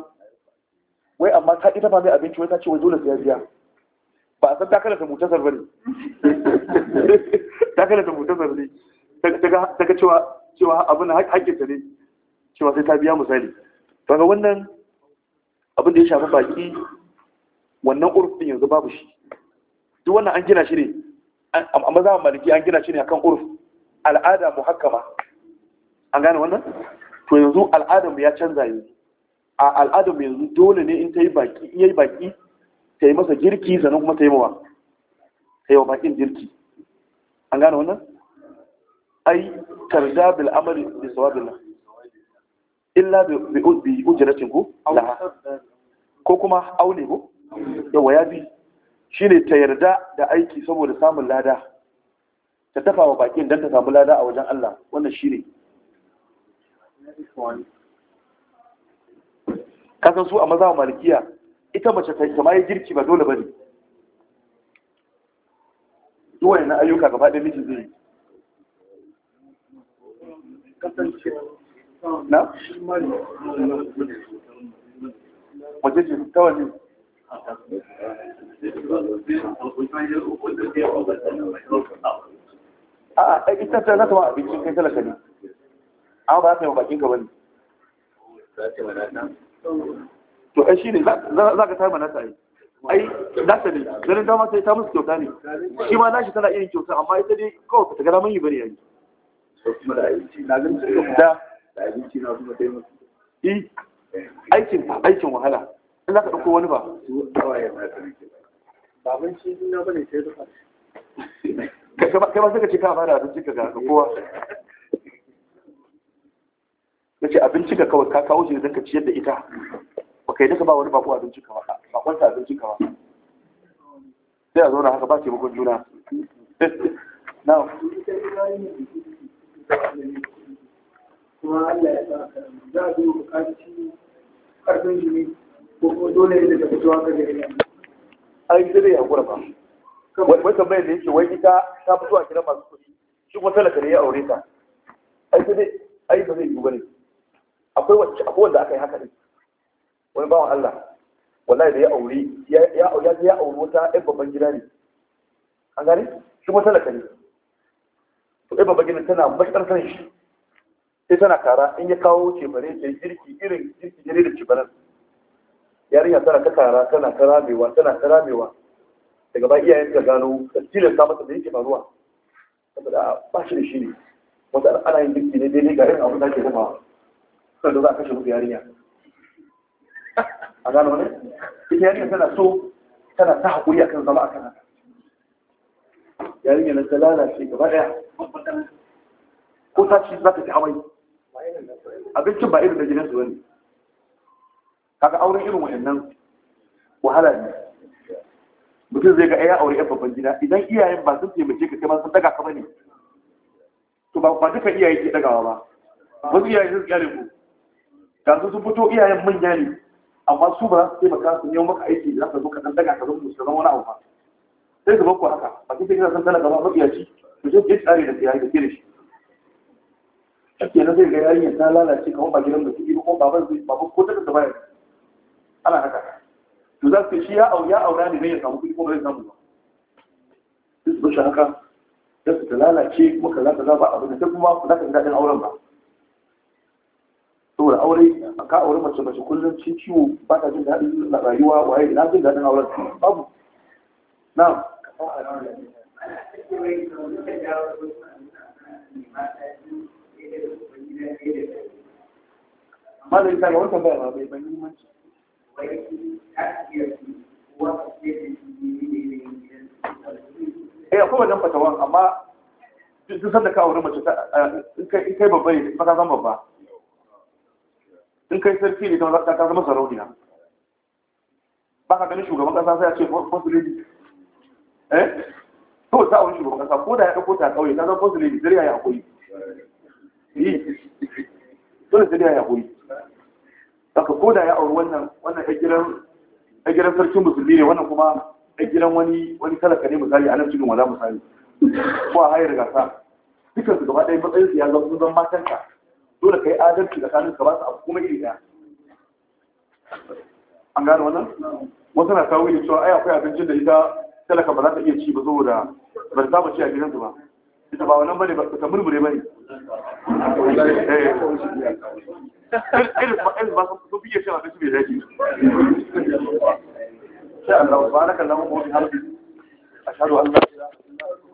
wai amma ta ita dafa mai abinci wai ta ce wai dole sai ya biya ba a san ta karanta mutasar takalar ta karanta mutasar ne ta ga cewa cewa abin ta ne cewa sai ta biya misali daga wannan abin da ya shafi baki wannan urufin yanzu babu shi duk wannan an gina shi ne a mazan maliki an gina shi ne akan uruf al'ada mu muhakkama an gane wannan to yanzu al'adar ya canza yanzu a al'adar yanzu dole ne in ta yi baki in yi baki ta yi masa girki sannan kuma ta yi wa ta yi wa bakin girki an gane wannan ai tarda bil sawa bil sawabillah illa bi bi ujratin ku laha ko kuma aune ko yawa ya bi Shi ne ta yarda da aiki saboda samun lada ta tafa wa bakin don ta samu lada a wajen Allah wannan shi ne kasan su a maza malikiya ita mace ta ta yi girki ba dole ba ne duwaye na ayyuka gaba da miji zai na? waje ce ta wani a a ita ta zata ma abincin kai talaka ne amma ba ta yi wa bakin gaba ne to ai shine za ka tarma nasa ai ai nasa ne ganin dama sai ta musu kyauta ne shi ma nashi tana irin kyauta amma ita dai kawai ba ta gana mun yi bari yayi da aikin aikin wahala in za ka ɗauko wani ba baban shi na bane sai kai ba sai ka ce ka fara abinci ka ga kowa na ce abinci ka kawai ka kawo shi da ka ciyar da ita kai duka ba wani bako abinci kawa bakon ta abinci kawa sai a zauna haka ba ce mukun juna now kuma Allah ya sa za a ne ko dole ne daga ai sai dai hakura ba wai tambayar da yake wai ita ta fito a kira masu kuɗi shi kuma talaka ne ya aure ta ai sai dai ai ba zai yi bane akwai wanda aka yi haka ne wani bawan Allah wallahi da ya auri ya auri ya aure wata ɗan babban gida ne an gani shi kuma talaka ne to ɗan babban gida tana matuƙar san shi sai tana kara in ya kawo cefane ta girki irin girki gire da cefanen yarinya tana ta kara tana ta ramewa tana ta ramewa daga ba iyayen ta gano tilin ta masa da yake faruwa saboda ba shi da shi ne wata ana yin girki ne daidai ga yin abin da ke gumawa sai da za a kashe musu yarinya a gano ne ita yarinya tana so tana ta hakuri a kan zama a kan haka yarinya na ta lalace gaba ɗaya ko ta ci za ta ji hawaii abincin ba irin da gidansu ba ne kaga auren irin waɗannan wahala ne mutum zai ga ya aure yan babban gida idan iyayen ba sun taimake ka kai ma sun daga ka ne. to ba ba duka iyaye ke dagawa ba wasu iyaye sun kyale ku ga sun fito iyayen manya ne amma su ba sai baka su nemo maka aiki da ka zo ka dan daga ka zo ka zama wani abu ba sai ka bakku haka ba kike kira san talaka ba mabiyaci ku je ki tsare da tsari da kire shi ake na zai ga yarinya ta lalace kamar ba gidan da kuɗi ba ko baban zai baban ko daga da bayan ana haka to za su shi ya au ya aura ne ne ya samu kuɗi ko ba zai samu ba sai su bashi haka da su ta lalace kuma kaza kaza ba abin da kuma ba za ka ga daɗin auren ba saboda aure ka aure mace mace kullum cin ciwo ba ta jin daɗin rayuwa waye na jin daɗin auren babu na malai ta ga wata ba ba bai ban yi mace eh akwai wajen fatawan amma duk sanda ka aure mace eh, in kai babba ne fa ka ba babba in kai sarki ne kamar ka zama sarauniya ba ka gani shugaban kasa sai a ce first lady eh to ta wani shugaban kasa ko da ya ɗauko ta kauye ta zama first lady sai ya hakuri yi eh? dole zai ya kuri haka ko da ya auri wannan wannan ya gidan sarkin musulmi ne wannan kuma ya wani wani talaka ne misali a nan cikin wala misali ko a hayar gasa dukkan su gaba ɗaya matsayin su ya zama sun zama matanka dole ka yi adalci da kanin ka ba su abu kuma iri ɗaya an gane wannan wasu na kawo ne cewa ai akwai abincin da ita talaka ba za ta iya ci ba saboda ba ta saba ci a gidansu ba ita ba wannan bane ba ta murmure bane eh. irin ba irin ba su fiye cin abinci mai daji sai Allah ba na kallon mafi harbi a shaɗu Allah